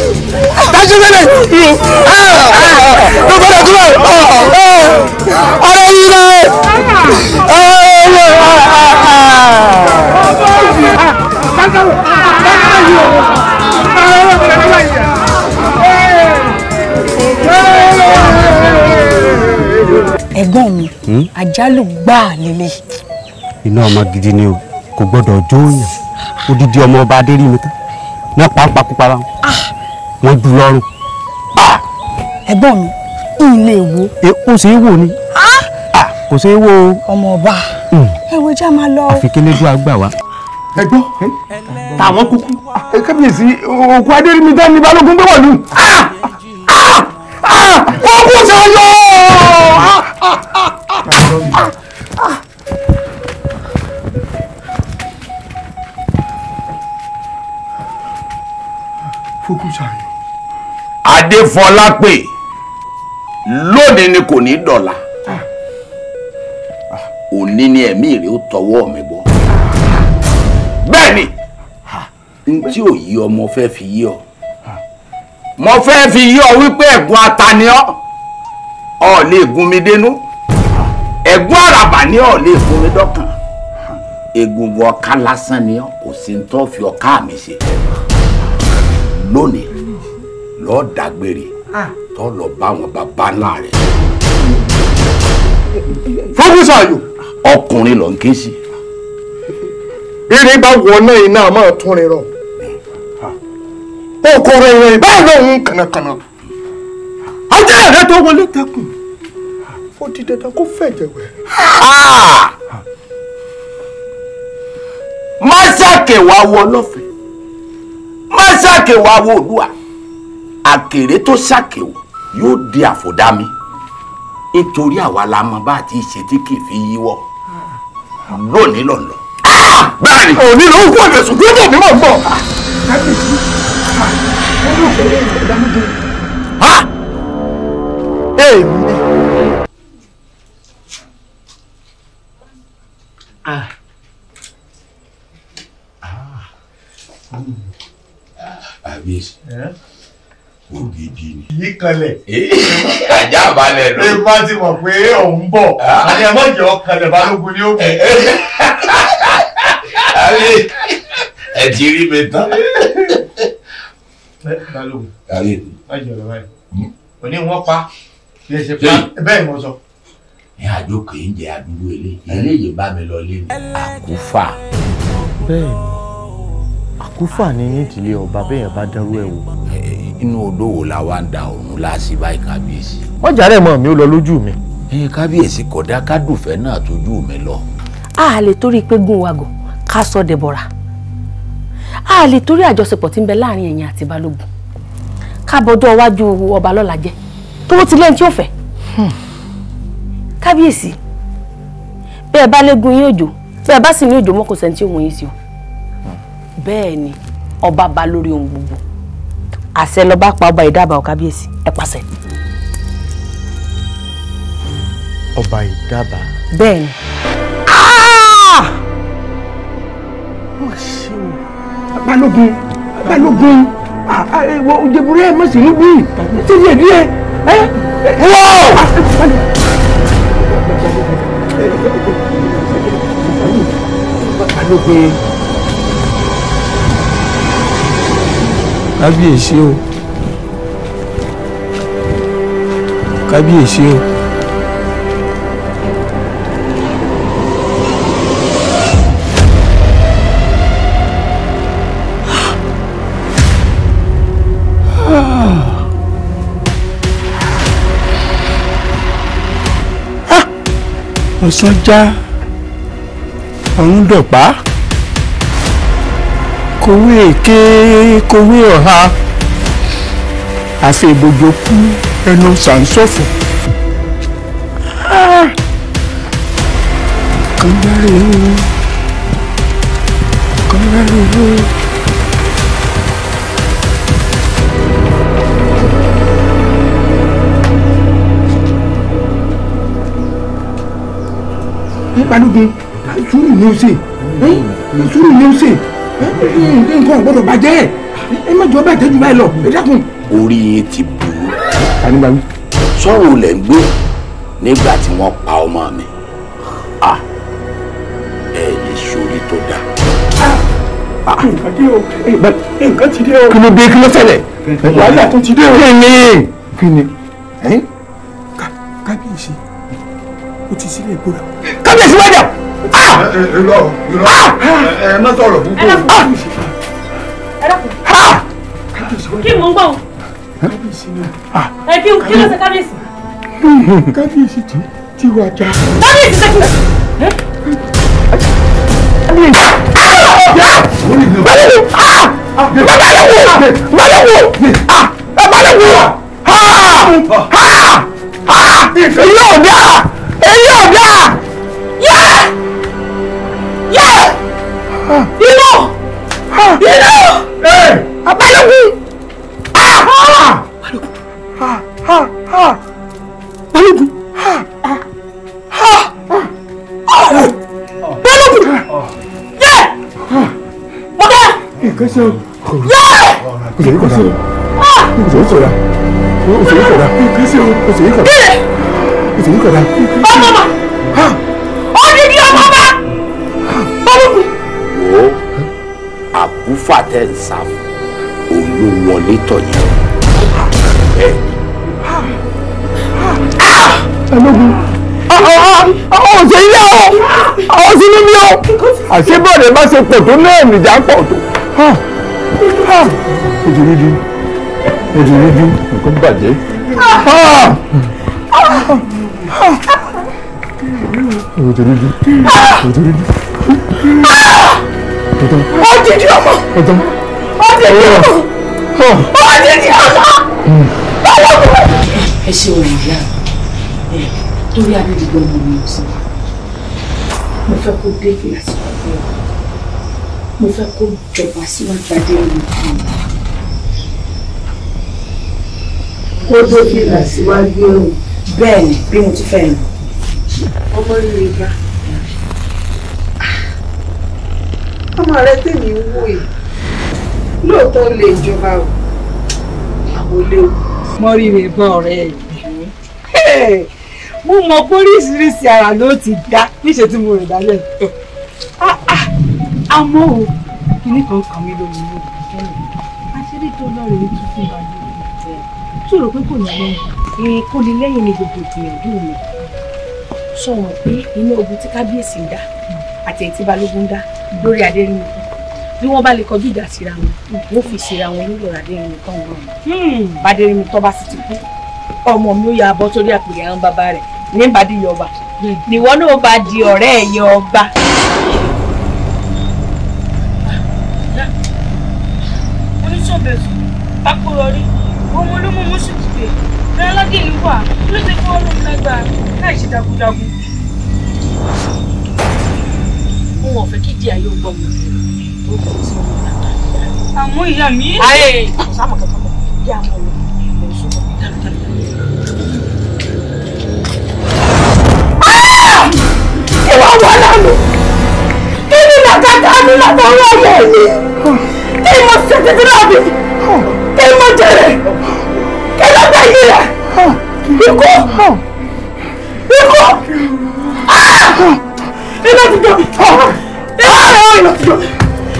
dájú mẹ́lẹ̀ ló ah, ah, ah, gbọ́dọ̀ kúrò ọ̀rọ̀ yìí rẹ̀ ẹ̀gbọ́n mi hmm? àjálù gbáà lélẹ̀. iná ọmọ gidi ni o kò gbọ́dọ̀ jóòyàn odidi ọmọ ọba adérími tán náà pàápàá kópa láwọn wọ́n jù lọ́rùn. Ah! ẹ̀gbọ́n mi ilé wo. ó e, ṣe é wò ni ah, kò ṣe é wò o. ọmọ ọba hmm. ẹwọ jẹ́ máa lọ. àfi kélé dúró àgbà wa. ẹ gbọ́ hmm? tàwọn kúkú kábíyèsí òkú adérímidá ni balógun gbé wọ̀lú. adéfọlápè lónìí ni kò ní dọ̀la òní ni ẹ̀mí rẹ̀ ó tọwọ́ mi bọ́ bẹ́ẹ̀ ni n tí ò yí ọ mo fẹ́ fi yí ọ mo fẹ́ fi yí ọ wípé ẹ̀gún ata ni ọ ọ lè gun mi dénú ẹ̀gún àràbà ni ọ lè gun mi dọ́kàn egungun ọ̀ka lásán ni ọ kò sí ní tó fi ọ̀ka mi ṣe lónìí lọ́ọ́ dágbére ah. tó lọ bá wọn bàbá ńlá rẹ̀. fọ́kùsà yò. ọkùnrin lọ ń ké sí. irin bá wọná iná máa tún rin rọ ah. okòrò ìròyìn báyìí lòun kànàkànà ajá rẹ tó wọlé takùn ó di dandan kó fẹ̀jẹ̀ wẹ̀. Ah. má sàkè wá wo ọlọ́fẹ̀ẹ́ má sàkè wá wo olúwa àkèré tó ṣàkèwò yóò di àfòdámi nítorí àwa la mọ bá àti ìṣe tí kì í fi yíwọ lónìí lọ́nà. Ah! bẹ́ẹ̀ni òní ló ń kó ìrẹsùn tó dẹ̀ mímọ̀ mọ́. èmi ni. Ah. Ah. Ah. Ah. Ah. Ah. Ah ògidì ni. yìí kanlẹ̀. ajá balẹ̀ lọ. ẹ bá ti mọ̀ pé òun bọ̀ ah. àti ẹ̀mọ́jọ́ kanlẹ̀ balógun ni ó kù. Eh, eh. (laughs) ẹ ti rí mi tán. Eh, balógun ajọ lọ báyìí hmm? òní wọn pa bí ẹ ṣe pa bẹ́ẹ̀ mo sọ. ní àjò kì í jẹ àdúgbò ilé eléyìí bá mi lọ lé mi. àkúfà. bẹ́ẹ̀ ni àkúfà ni nídìílé ọba bẹ́ẹ̀ bá dárú ẹ̀ wò. inú odò wo la wá ń da òun láàsì báyìí kábíyèsí. wọ́n jàre mọ́ mi ó lọ lójú mi. kábíyèsí kódà kádùfẹ́ náà tójú mi lọ. a lè torí pé gún wagò ká sọ dẹ̀bọ̀ra a lè torí àjọṣepọ̀ tí ń bẹ láàrin ẹ̀yin àti balógun kábọ̀dọ̀ iwájú ọba lọ́la jẹ́ tówó ti lẹ́yìn tí ó fẹ́. Hmm. kábíyèsí bẹ́ẹ̀ bá lé gun yín òjò bẹ́ẹ̀ bá sì ní òjò mọ́ kò sẹ́ni tí ó sí o bẹ́ẹ̀ ni ọba ba lórí ohun gbogbo àṣẹ lọ́ba pa ọba ìdábà ọ̀ kábíyèsí ẹ pàṣẹ. ọba ìdábà. bẹ́ẹ̀ ni. wọ́n ah! ṣe o balógun balógun òjèbúrẹ́ ẹ̀ mọ̀sí níbí ṣé díẹ̀ díẹ̀ ẹ́ wọ́ọ̀. balógun. kábíyèsí o kábíyèsí o. Ah! Ah! ọ̀sán já ọ̀run dọ̀pá kòwé èké kòwé ọ̀ha àfi ìbòjò kú ẹnu sàǹsọ̀fọ̀ ah! kan dárí ewu kan dárí ewu. Balógun sùúrù ni ó ṣe sùúrù ni ṣe nǹkan gbọ́dọ̀ bàjẹ́ ẹ má jọ bẹ́ẹ̀ tẹ́jú báyìí lọ ẹ dákun. orí yín ti bu. tanigbawi. sọ̀rọ̀ lẹ̀ ń gbé nígbà tí wọ́n pa ọmọ mi ẹ lè sórí tó dáa. Ah, nǹkan dé o nǹkan ti dé o. kí ló dé kí ló ṣẹlẹ̀. wàhálà tó ti dé o. kí ni kí ni. irọ́ irọ́ ah! ẹ má sọ̀rọ̀ púpọ̀. ẹ dákun ah! ah! kí mò ń gbọ́ o. kábíyèsí ni. ẹ kí kí ló ṣe kábíyèsí. kábíyèsí ti ti wà já. kábíyèsí ṣe kílẹ̀. kábíyèsí. Mọ̀lẹ́wò! Mọ̀lẹ́wò! Mọ̀lẹ́wò! Mọ̀lẹ́wò! Èyí ò dáa! Èyí balógun balógun balógun yẹ mọdà nǹkan ṣe o yẹ òṣèré kọ̀dà òṣèré kọ̀dà òṣèré kọ̀dà nǹkan ṣe o òṣèré kọ̀dà òṣèré kọ̀dà. ọmọ ma odidi ọmọ ma balógun. wo àkúfà tẹ̀ ń sá fún ló wọlé tọ̀ yìí bẹ́ẹ̀ ni. balógun àwọn òsè ilé o àwọn òsè nílé o àṣebọ̀dẹ̀ bá ṣe pọ̀ tó náà nìjà pọ̀ tó. ojú rí bí ojú rí bí nǹkan bàjẹ́. ojú rí bí ojú rí bí ọtí di ọmọ ọtí di ọmọ ọmọ ti di ọ̀la. ẹ ṣe ọ̀rọ̀ ìyá ẹ torí adédìgbò ọmọ mi ò sí mo fẹ́ kó dé fìlàsì pàdé ọ mo fẹ́ kó jọba síwájú adé mi kan. kó dé fìlàsì wájú ẹ̀wọ̀n. bẹ́ẹ̀ ni bí mo ti fẹ́ yàn. ọmọ rírì ga ọmọ rẹ tèmi ń wò yìí lóòótọ́ lè jọba o ó léwu mọ́ rírẹ̀ bá ọ̀rẹ́ ẹ̀ mo mọ pé oríṣiríṣi ara ló ti dá níṣẹ́ tí mo rẹ̀ dálẹ̀ ah, ah! àmọ́ o kìnnì kan kàn mí lórí mi àṣírí tó lọ́ọ̀rẹ́ mi tún fún bàbá mi tó rò pé kò ní lẹ́yìn kò ní lẹ́yìn ní gbogbo ìgbìyànjú mi sọ̀rọ̀ pé inú ogun tí kábíyèsí ń dá àti èyí balógun ń dá lórí adé ni bí wọ́n bá lè kọjú ìjà síra wọn wọ́n fi síra wọn nílò adérin tán wọn hmm. bàdérin mi tán bá sì ti kú ọmọ mi ó ya bọ́ sórí àpèrè àwọn bàbá rẹ̀ ní bàdí yọba nìwọ hmm. náà bá di ọ̀rẹ́ ẹ̀ yọba. oníṣòbẹ̀sù akọ̀rọ̀rí ọmọ olómọ mọ́ṣúkú pé lálágìnní wà ló ti fọ́ ọ̀rùn lágbára láì ṣe jagunjagun. n ò fẹ́ kí ìdí ayé ó gbọ́ wọn àwọn ìyá mi. ayé kò sáà mọ̀ kẹ́kọ̀ọ́ mọ̀ bí àwọn ọ̀rọ̀ mọ̀ ń sọ̀rọ̀ dáadáa. kí wọ́n wọ lánàá kí ni làkàtà mi látọwọ́ ọ̀yẹ́ mi kí mo ṣe títí náà ah! mi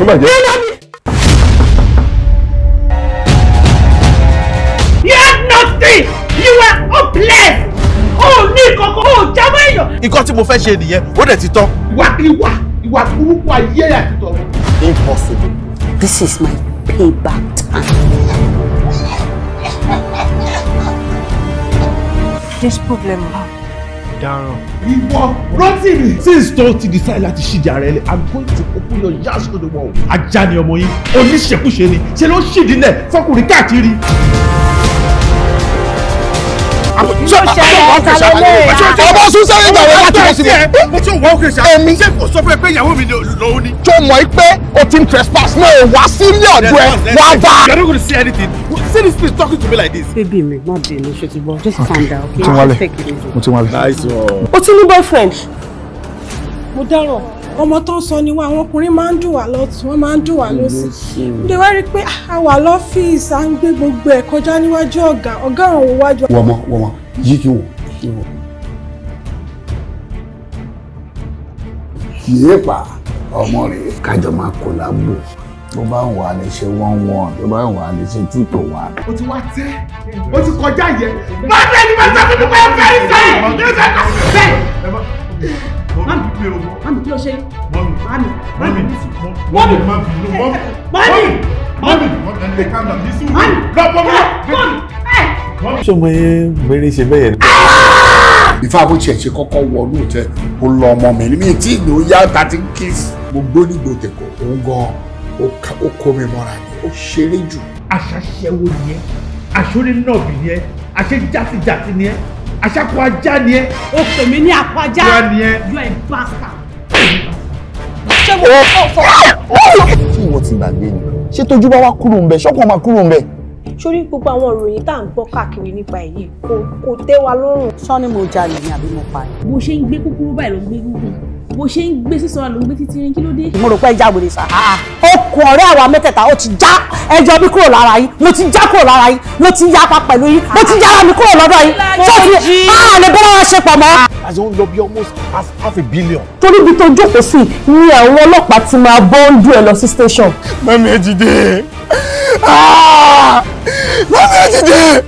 ló bàjẹ́. you had nothing you were hopeless o ní kankan o jáwé èèyàn. nǹkan tí mo fẹ́ ṣe nìyẹn ó dẹ̀ ti tán. ìwàkiwà ìwà burúkú ayé àti tọ̀run. impossible. this is my payback time. this problem. Darren ìwọ Rotimi. since tó ti decide láti ṣìjà rẹ lẹ i'm going to open your yansh to the world. ajá ni ọmọ yín oníṣekúṣe ni ṣe ló ń ṣìdí lẹ fọkùnrin káàkiri ọmọ sún sẹ́yìn ìgbà wọlé láti bọ́ síbi. èmi tó mọ̀ ẹ́ pé o ti ń trespass náà wá sílé ọ̀dọ̀ ẹ̀ wá bá. See this please talking to me like this. Baby mi, má bínú, ṣe ti gbọ́. Just calm down, okay? Mo ti wálẹ̀. Mo ti wálẹ̀. Nice one. O ti ní boyfriend. Mo dárọ̀. Ọmọ tó ń sọ ni wá, àwọn ọkùnrin máa ń dùn wá lọ́tún, wọ́n máa ń dùn wá lọ́sì. Ǹjẹ́ wá rí i pé ah, a wà lọ́fíìsì, à ń gbé gbogbo ẹ̀ kọjá níwájú ọ̀gá, ọ̀gá ọ̀hún wájú. Wọ́mọ, wọ́mọ, yi ki wo yéé pa ọmọ rẹ̀ kájọ máa kó lábò tó bá ń wà lè ṣe wọ́n wọ́n tó bá ń wà lè ṣe tú tó wà. o ti wá tẹ o ti kọjá yẹ máa bẹ ẹni máa sọ fún mi pé fẹ́ ẹ sẹ́yìn ẹ fẹ́ kọ́ bẹ́ẹ̀. mami kí ló ṣe mami mami mami mami mami mami mami mami mami ṣọmọ yẹn obìnrin ṣe bẹ́ẹ̀ yẹn. ìfá bó tiẹ̀ ṣe kọ́kọ́ wọ lóòótẹ́ ó lọ ọmọ mi ní mi tí ìgbò yá tàti kíìsì mo gbóni gbòtẹ̀kọ̀ òun gan-an ó kó mi mọ́ra ni ó ṣeré jù. aṣàṣẹ́wó ni ẹ́ aṣọ́rí náà bì ni ẹ́ aṣẹ́ játijàti ni ẹ́ aṣàkó ajá ni ẹ́. o pè mí ní àkó ajá you are a bastard. ṣé mo fọ́ fọ́. tí ìwọ ti gbàgbé ni ṣé tójú bá wá kúrò ń bẹ ṣọ́kàn máa kúrò ń bẹ sórí gbogbo àwọn ìròyìn tá à ń gbọ́ káàkiri nípa èyí kò kò tẹ́ wa lọ́rùn. sọ ni mo jalè ni àbí mo pa. bó ṣe ń gbé kúkúrú báyìí ló ń gbé gúngùn bó ṣe ń gbé sísọ ló ń gbé títí rin kí ló dé. mo rò pé ẹ jáwèrè sá. okùn ọ̀rẹ́ àwa mẹ́tẹ̀ẹ̀ta ó ti já ẹjọ́ mi kúrò lára yín mo ti já kúrò lára yín mo ti yapa pẹ̀lú yín mo ti yára mi kúrò lọ́dọ̀ yín tó ti máa lè bẹ́rẹ̀ wá ṣe pọ̀ mọ́. as in lọ bí almost as half a billion. torí ibi tó jókòó sí ni àwọn ọlọ́pàá ti máa bọ́ńdù ẹ lọ sí station. mẹ́mi ẹ ti dé. Ah! mami ẹ ti dé.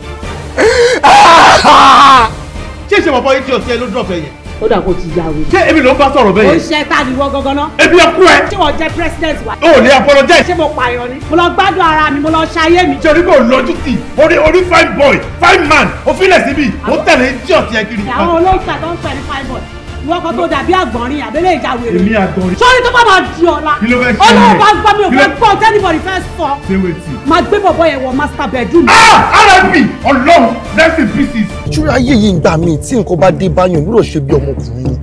ṣé ìṣe bàbá yìí ti ọ̀sẹ̀ ló dọ̀fẹ́ yẹn. ó dà kó ti ya wèrè. ṣé èmi ló ń bá sọ̀rọ̀ bẹ́ẹ̀ yẹn. ó ń ṣe ta ni wọ́n gangan náà. ebi ọkú ẹ. ṣé wọ́n jẹ́ president wa. o ò ní apologize. ṣé mo pààyàn ni. mo lọ gbádùn ara mi mo lọ ṣayé mi. ṣé orí kò lọ́jú tì orí orí fine boy fine man òfin lẹ̀ síbi mo ah. tẹ̀lé jíọ̀sì ẹ kiri. àwọn olóòtú àtọ́ ń pẹ̀lú fine boy wọ́n kọ́ tó dàbí àgbọ̀nrín àbẹ́lẹ̀ ìjà wèrè. èmi àgbọ̀nrín. sọ́ni tó bá máa di ọ̀la. kí ló fẹ́ ṣe é ọlọ́run bá gbọ́ mi ò fẹ́ gbọ́ tẹ́nibọ̀dì fẹ́ sọ. máa gbé bọ̀bọ̀ yẹn wọ master bedroom. Ah! rnb ọlọ́run rest in pieces. ṣúra ayé yìí ń gbà mí tí nǹkan bá dé báyọ̀ nílò ṣe bí ọmọkùnrin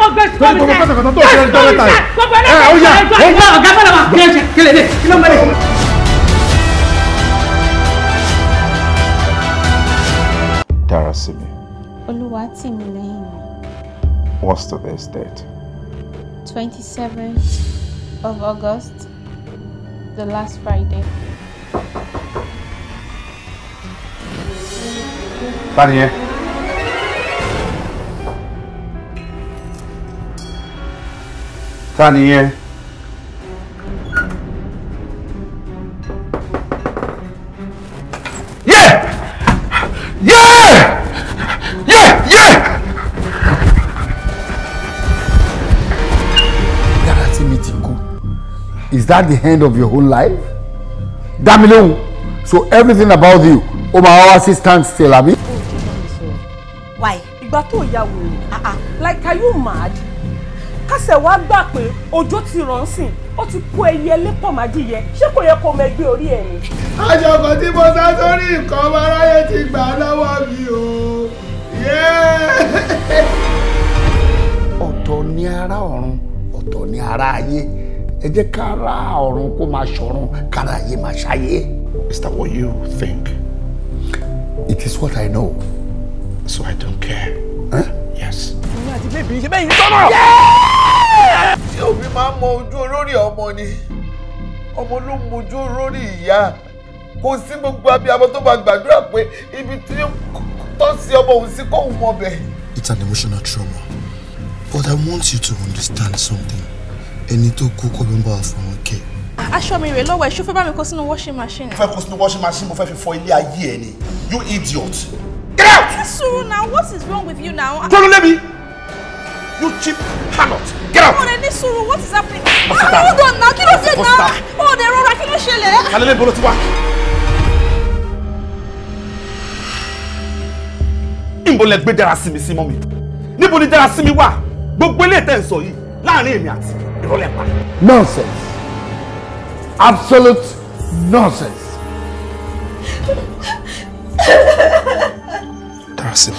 kọ́ bẹ́ẹ̀ sọ́ọ́ mi sẹ́ẹ̀ bẹ́ẹ̀ sọ́ọ́ mi sẹ́ẹ̀ gbogbo ẹlẹ́gbẹ̀ẹ́ ọ̀gá ọ̀gá bọ́lá wa kí ló ń ṣe kí lè dé kí ló ń bẹ̀rẹ̀. Darasimi. Oluwatimilehimi. What's today's date? 27th of August, the last Friday. Tania. Tania. that the end of your own life dá so everything about you ó máa wá sí stand still àbí. why ìgbà tó ya wèrè like are you mad Kase wá gbà pé ọjọ́ ti rán sìn ó ti kó ẹyẹ lépọ̀ májíyẹ ṣé kò yẹ kó mọ ẹgbẹ́ orí ẹ̀ ni. aṣọkàn tí mo sá sórí nǹkan ọmọ aráyé ti gbà lọ́wọ́ mi o. ọ̀tọ̀ ni ara ọ̀run ọ̀tọ̀ ni ara ayé ẹ jẹ́ kára ọ̀run kó máa ṣọ̀run kára ayé máa ṣayé. Is that what you think? It is what I know. So I don't care. Huh? Yes. Ìyá àti bèbí ṣe bẹ́ẹ̀ yìí sọ́nà. Ṣé òbí máa ń mọ ojú olórí ọmọ ni? Ọmọ ló mọ ojú olórí ìyá. Kò sí gbogbo abiyamọ tó máa gbàdúrà pé ibi tí tó sí ọmọ òun sí kóun mọ bẹ̀. It's an emotional trauma. But I want you to understand something ẹni tó kú kọ́ ló ń bá wa fọwọ́ kẹ́. aṣọ mi rè lọ́wọ́ ẹ̀ṣọ́ fẹ́ bá mi kó sínú washing machine. mo fẹ́ kó sínú washing machine mo fẹ́ fi fọ ilé ayé ẹ ni you idiot. get out. ẹ sùúrù now what is wrong with you now. gbọ́dọ̀ lẹ́mi you cheap harlot get out. ọ̀rẹ́ ní sùúrù what is happening. Ah, hold on now kí ló dé náà ọ̀dẹ̀ rọra kí ló ṣẹlẹ̀. alẹ́ lè bolo ti wá. níbo lẹ gbé dára sí mi sí mọ́ mi níbo ni dára sí mi wà gbogbo ilé ìtẹ̀ ń sọ yìí láàrin èmi àti nonsense absolute nonsense. Darasim.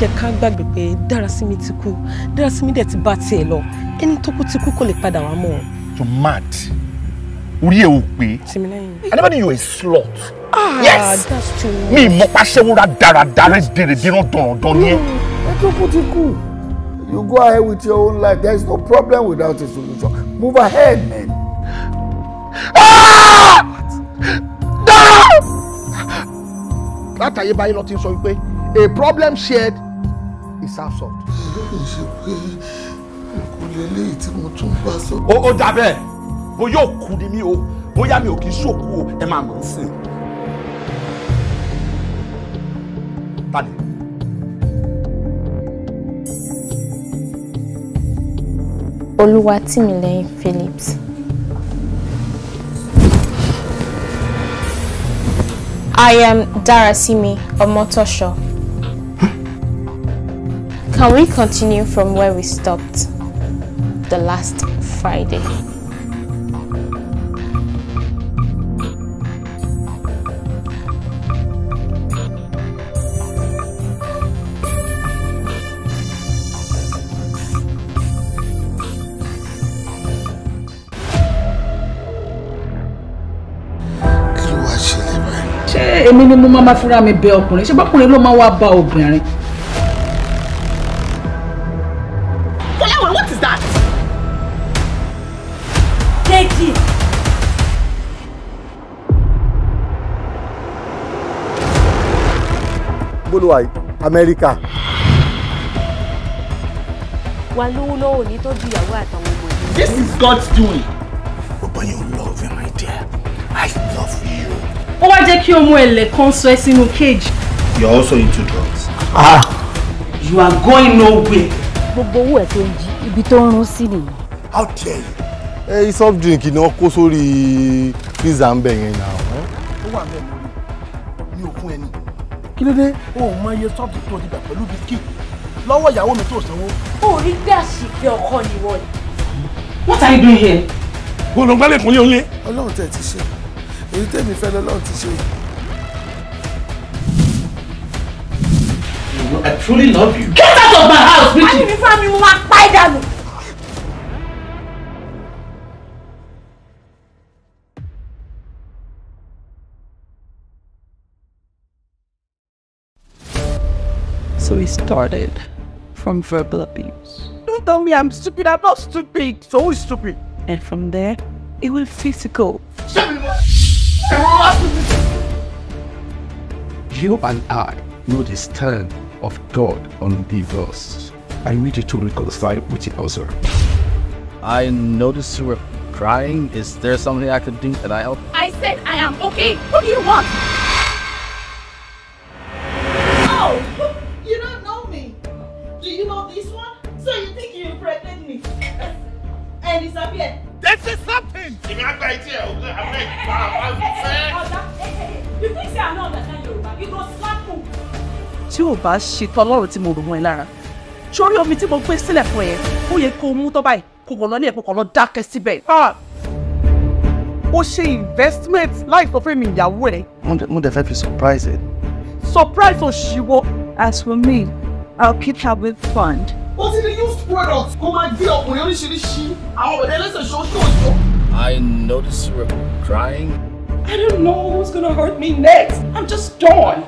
jẹ́ ká gbàgbé pé Dárasími ti kú Dárasími dẹ̀ ti bá tiẹ̀ lọ ẹni tó kú ti kú kò lè padà wá mọ́ ọ. you mad orí ẹ ò pé adébáyé you a slut ah, yes mi ìmọ̀ pàṣẹwúra dáradára dèrèdèrán dọ̀rọ̀dọ̀ ni ẹ. ẹ tó kú ti kú you go ahead with your own life there is no problem without a solution move ahead man. Ah! látàyè báyìí lọ ti ń sọ wípé a problem shared is half solved. lórí ìṣe pé kò lè léyìí tí mo tún bá sọ. ó ó dà bẹ́ẹ̀ bó yóò kú ni mí o bóyá mi ò kì í ṣòkú o ẹ máa mọ̀ ń sìn. tani. Olúwatímilẹ́yìn Phillips. I am Dara Darasimi Omotosho. Can we continue from where we stopped the last Friday? èmi ni mo máa ma fira mi bẹ ọkùnrin ṣé bọ́kùnrin ló máa wá bá obìnrin amẹ́ríkà. wà lówó lọ́wọ́ ní tó ìyàwó àtàwọn ọmọ yìí. this is God's doing. but you love him my dear I love you. ó wá jẹ́ kí ọmọ ẹ̀lẹ̀ sọ ẹ́ sínú cage. you are also into drugs. ah you are going nowhere. gbogbo owó ẹ̀ tó ń jí ibi tó ń rún sí nìyí. how dare you. ẹ eh, soft drink ni wọn kó sórí pizza ń bẹ yẹn náà. ó wà mẹ́rin kí ló dé o ò mọ iye sọ́ọ̀tì tó ti gbà pẹ̀lú bisikì lọ́wọ́ ìyàwó mi tó sanwó. o rí dáàsì pé ọkọ ni wọ́n. what are you doing here. gbọ́dọ̀ gbálẹ̀ kúnlé òun lé. ọlọ́run tẹ̀ ti ṣe èyí tẹ̀mí fẹ́ lọ́lọ́run ti ṣe. I truly love you. Get out of my house, Bridget! Àyè mi fún mi, mo máa pa ẹ́ dànù. started from verbal abuse. Don't tell me I'm stupid. I'm not stupid. So stupid. And from there, it was physical. You and I know this turn of God on divorce. I need you to reconcile with the other. I noticed you were crying. Is there something I could do that I help? I said I am okay. What do you want? èmi á gba etí ẹ̀ ọ̀gbẹ́ abẹ́ ìgbà àbáfẹ́. ọ̀gá you think say I no understand Yorùbá you go slap me. tí o bá ṣe tọlọ́run tí mo rò wọn lára sórí omi tí mo gbé sílẹ̀ fún ẹ ó yẹ kó o mú tọ́ báyìí kó kàn lọ ní ẹ̀kọ́ kan lọ dákẹ́ síbẹ̀. ó ṣe investment láì sọ fún mi ìyàwó ẹ. mo dẹ̀ fẹ́ fi surprise ẹ. surprise òṣìwọ́. as for me I'll keep her with fund. ó ti ní used products kó máa gbé ọkùnrin oríṣiríṣi àwọn ọ̀dẹ́ lẹ́sẹ̀ ṣoṣo òjò. I noticed you were crying. I didn't know who was gonna hurt me next. I'm just dawn.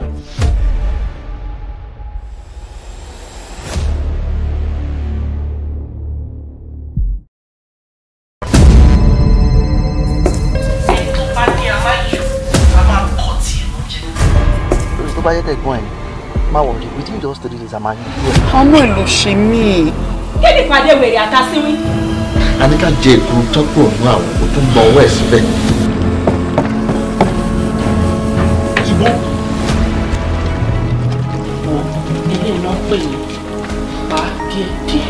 within those three days kí ìpàdé wèrè àtàsíwí. a jẹ èkó tó kúrò àwọn kó tó ń bọ ọwọ́ ẹ̀ síbẹ̀. ìbọn. ilé iná pè ní pàgẹ́dẹ́.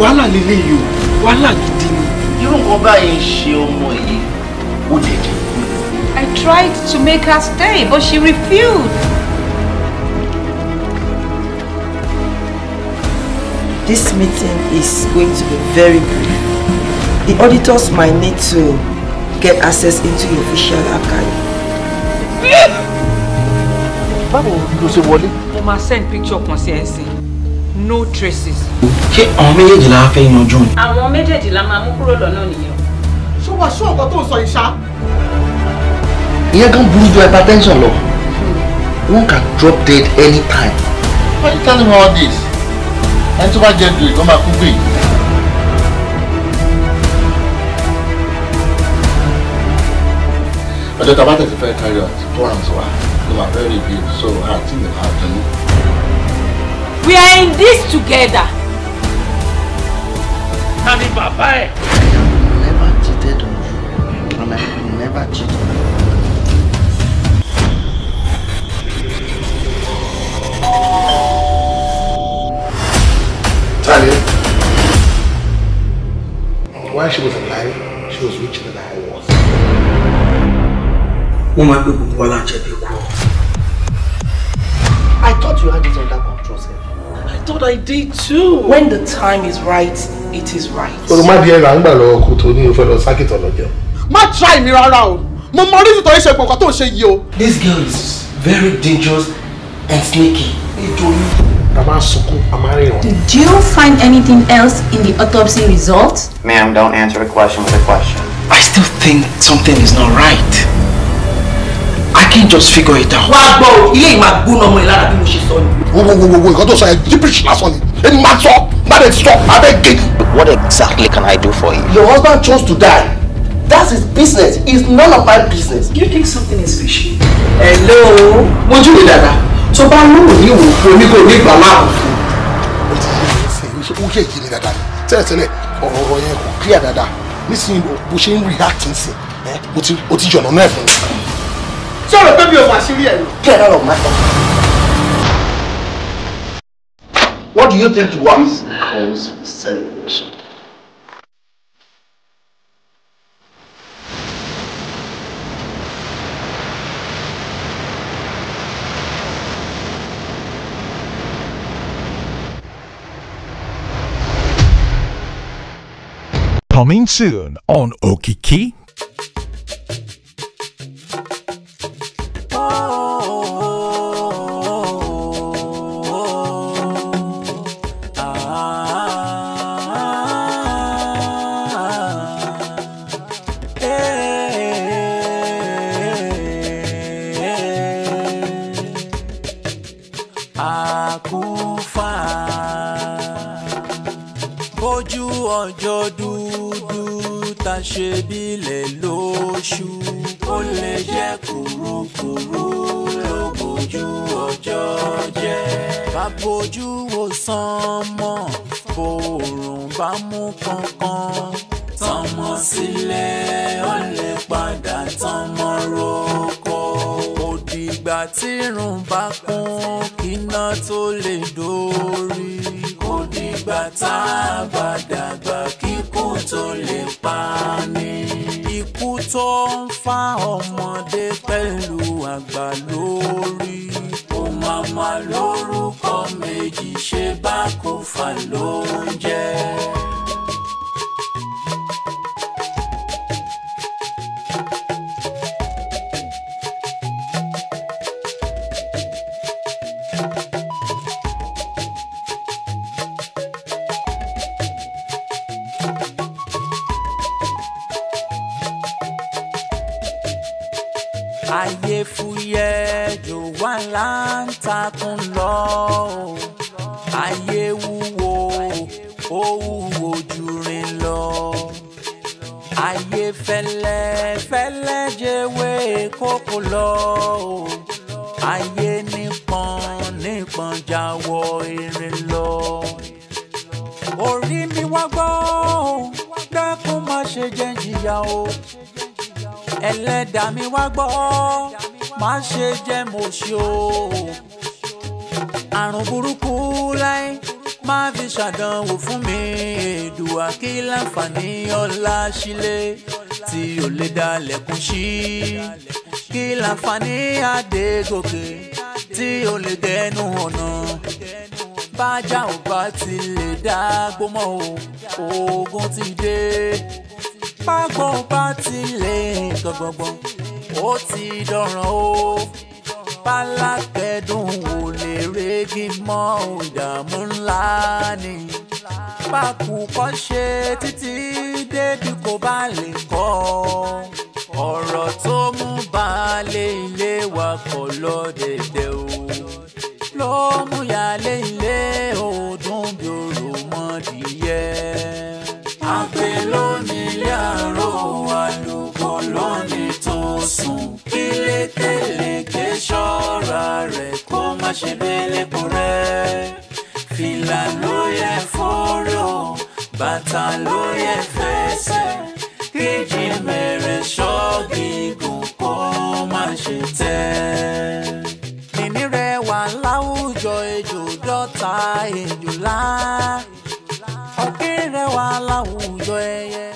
wàhálà lílé yìí o wàhálà gidi ni. irú nǹkan báyìí ń ṣe ọmọ yìí ó lè jẹ. I tried to make her stay, but she refused. This meeting is going to be very brief. The auditors might need to get access into your official archive. Báwo ló ṣe wọlé? Mo máa send picture kan sí ẹ̀sìn. No traces. Ṣé àwọn méjèèjì la fẹ́ yanjú ni? Àwọn méjèèjì la máa mú kúrò lọ́nà nìyẹn. Ṣé wàá ṣó ọ̀gá tó ń sọ yìí ṣá? Ìyẹn kan burú ju hypertension lọ. One can drop dead anytime. Why you telling me all this? ẹni tó bá jẹ gbè ló máa kú gbè. ọjọ́ tá a bá tẹ̀sí fẹ́ carry out plans wa ló máa fẹ́ review so àti ìlú àdánù. we are in this together. ta ni bàbá ẹ̀. never cheated on you I will never cheat on you. Tanya, while she was alive, she was richer than I was. Wọ́n máa gbé gbogbo wa lájẹ́ I thought you had it under control, sir. I thought I did too. When the time is right, it is right. Sọ̀rọ̀ má di ẹ̀rọ àgbà lọ ọkọ̀ tó ní ìfẹ́ lọ sákìtì ọlọ́jọ́. Má try mi rárá o. Mo mọ orí ìtọ́jú ṣe pọ̀ nǹkan tó This girl is very dangerous and sneaky. Nítorí a máa ń you find anything else in the autopsy result? Ma'am, don't answer a question with a question. I still think something is not right. I can't just figure it out. What about o ilé ìmọ̀ àgbóná ọmọ ìlara bí mo ṣe sọ ni. wo wo wo wo nǹkan tó sọ yẹn gibberish lásán ni èmi máa sọ máa lè sọ abẹ́ gé. What exactly can I do for you? Your husband chose to die. That's his business. It's none of my business. Do you think something is fishy? Hello. Mojú mi dada tó bá lóun ní òun fún oníkó ní ìgbà láàbù fún. ó ó yẹ ìyẹn dáadáa ni tẹ́lẹ̀tẹ́lẹ̀ ọ̀rọ̀ yẹn kò clear dáadáa nísìnyí bó ṣe ń react nsìn ó ti yọ̀nà náà fún mi. sọ̀rọ̀ pé mi ò máa ẹ̀ lọ. get out of my house. what do you think was cause sense. Coming soon on Okiki bójú wo sánmọ̀ bòòrùn bá mú kankan tọmọ sílẹ̀ ó lè padà tọmọ roko òdìgbà tírun bá kún kíná tó lè dórí òdìgbà tá a bá dàgbà kíkú tó lè pa ni ikú tó ń fa ọmọdé pẹ̀lú àgbà lórí màmá lórúkọ méjì ṣe bá kò fà lóúnjẹ. o ẹlẹ́dàá mi wá gbọ́ má ṣe jẹ́ mo ṣe o àrùn burúkú láì má fi ṣàdánwò fún mi èdùà kí láǹfààní ọlá sílé tí ò lè dalẹ̀kùn sí kí láǹfààní àdégòkè tí ò lè dẹnu ọ̀nà bájà ò bá ti lè dá gbọ́mọ̀ o ogun ti dé pápọ̀ bá tilẹ̀ gbọ̀gbọ̀gbọ̀ ó ti dọ̀ràn o pálákẹ́dùn ò lè régi mọ́ ìdààmú ńlá ni pákúkọ́ ṣe títí débi kò bá lè kọ́ ọ̀rọ̀ tó mú baálẹ̀ ilé wa kọ̀ lọ dédé o ló mú yálé ilé òdùn bí olùmọ̀dìyẹ pé lónílé àárọ̀ àlùkò lónìí tó sùn kílé tẹ̀lékè ṣọ́ra rẹ̀ kó má ṣe bẹ́lẹ́kùn rẹ̀ fìlà ló yẹ fọ́rọ̀ bàtà ló yẹ fẹsẹ̀ kíjì mẹ́rẹ̀ wá láwùjọ ẹyẹ.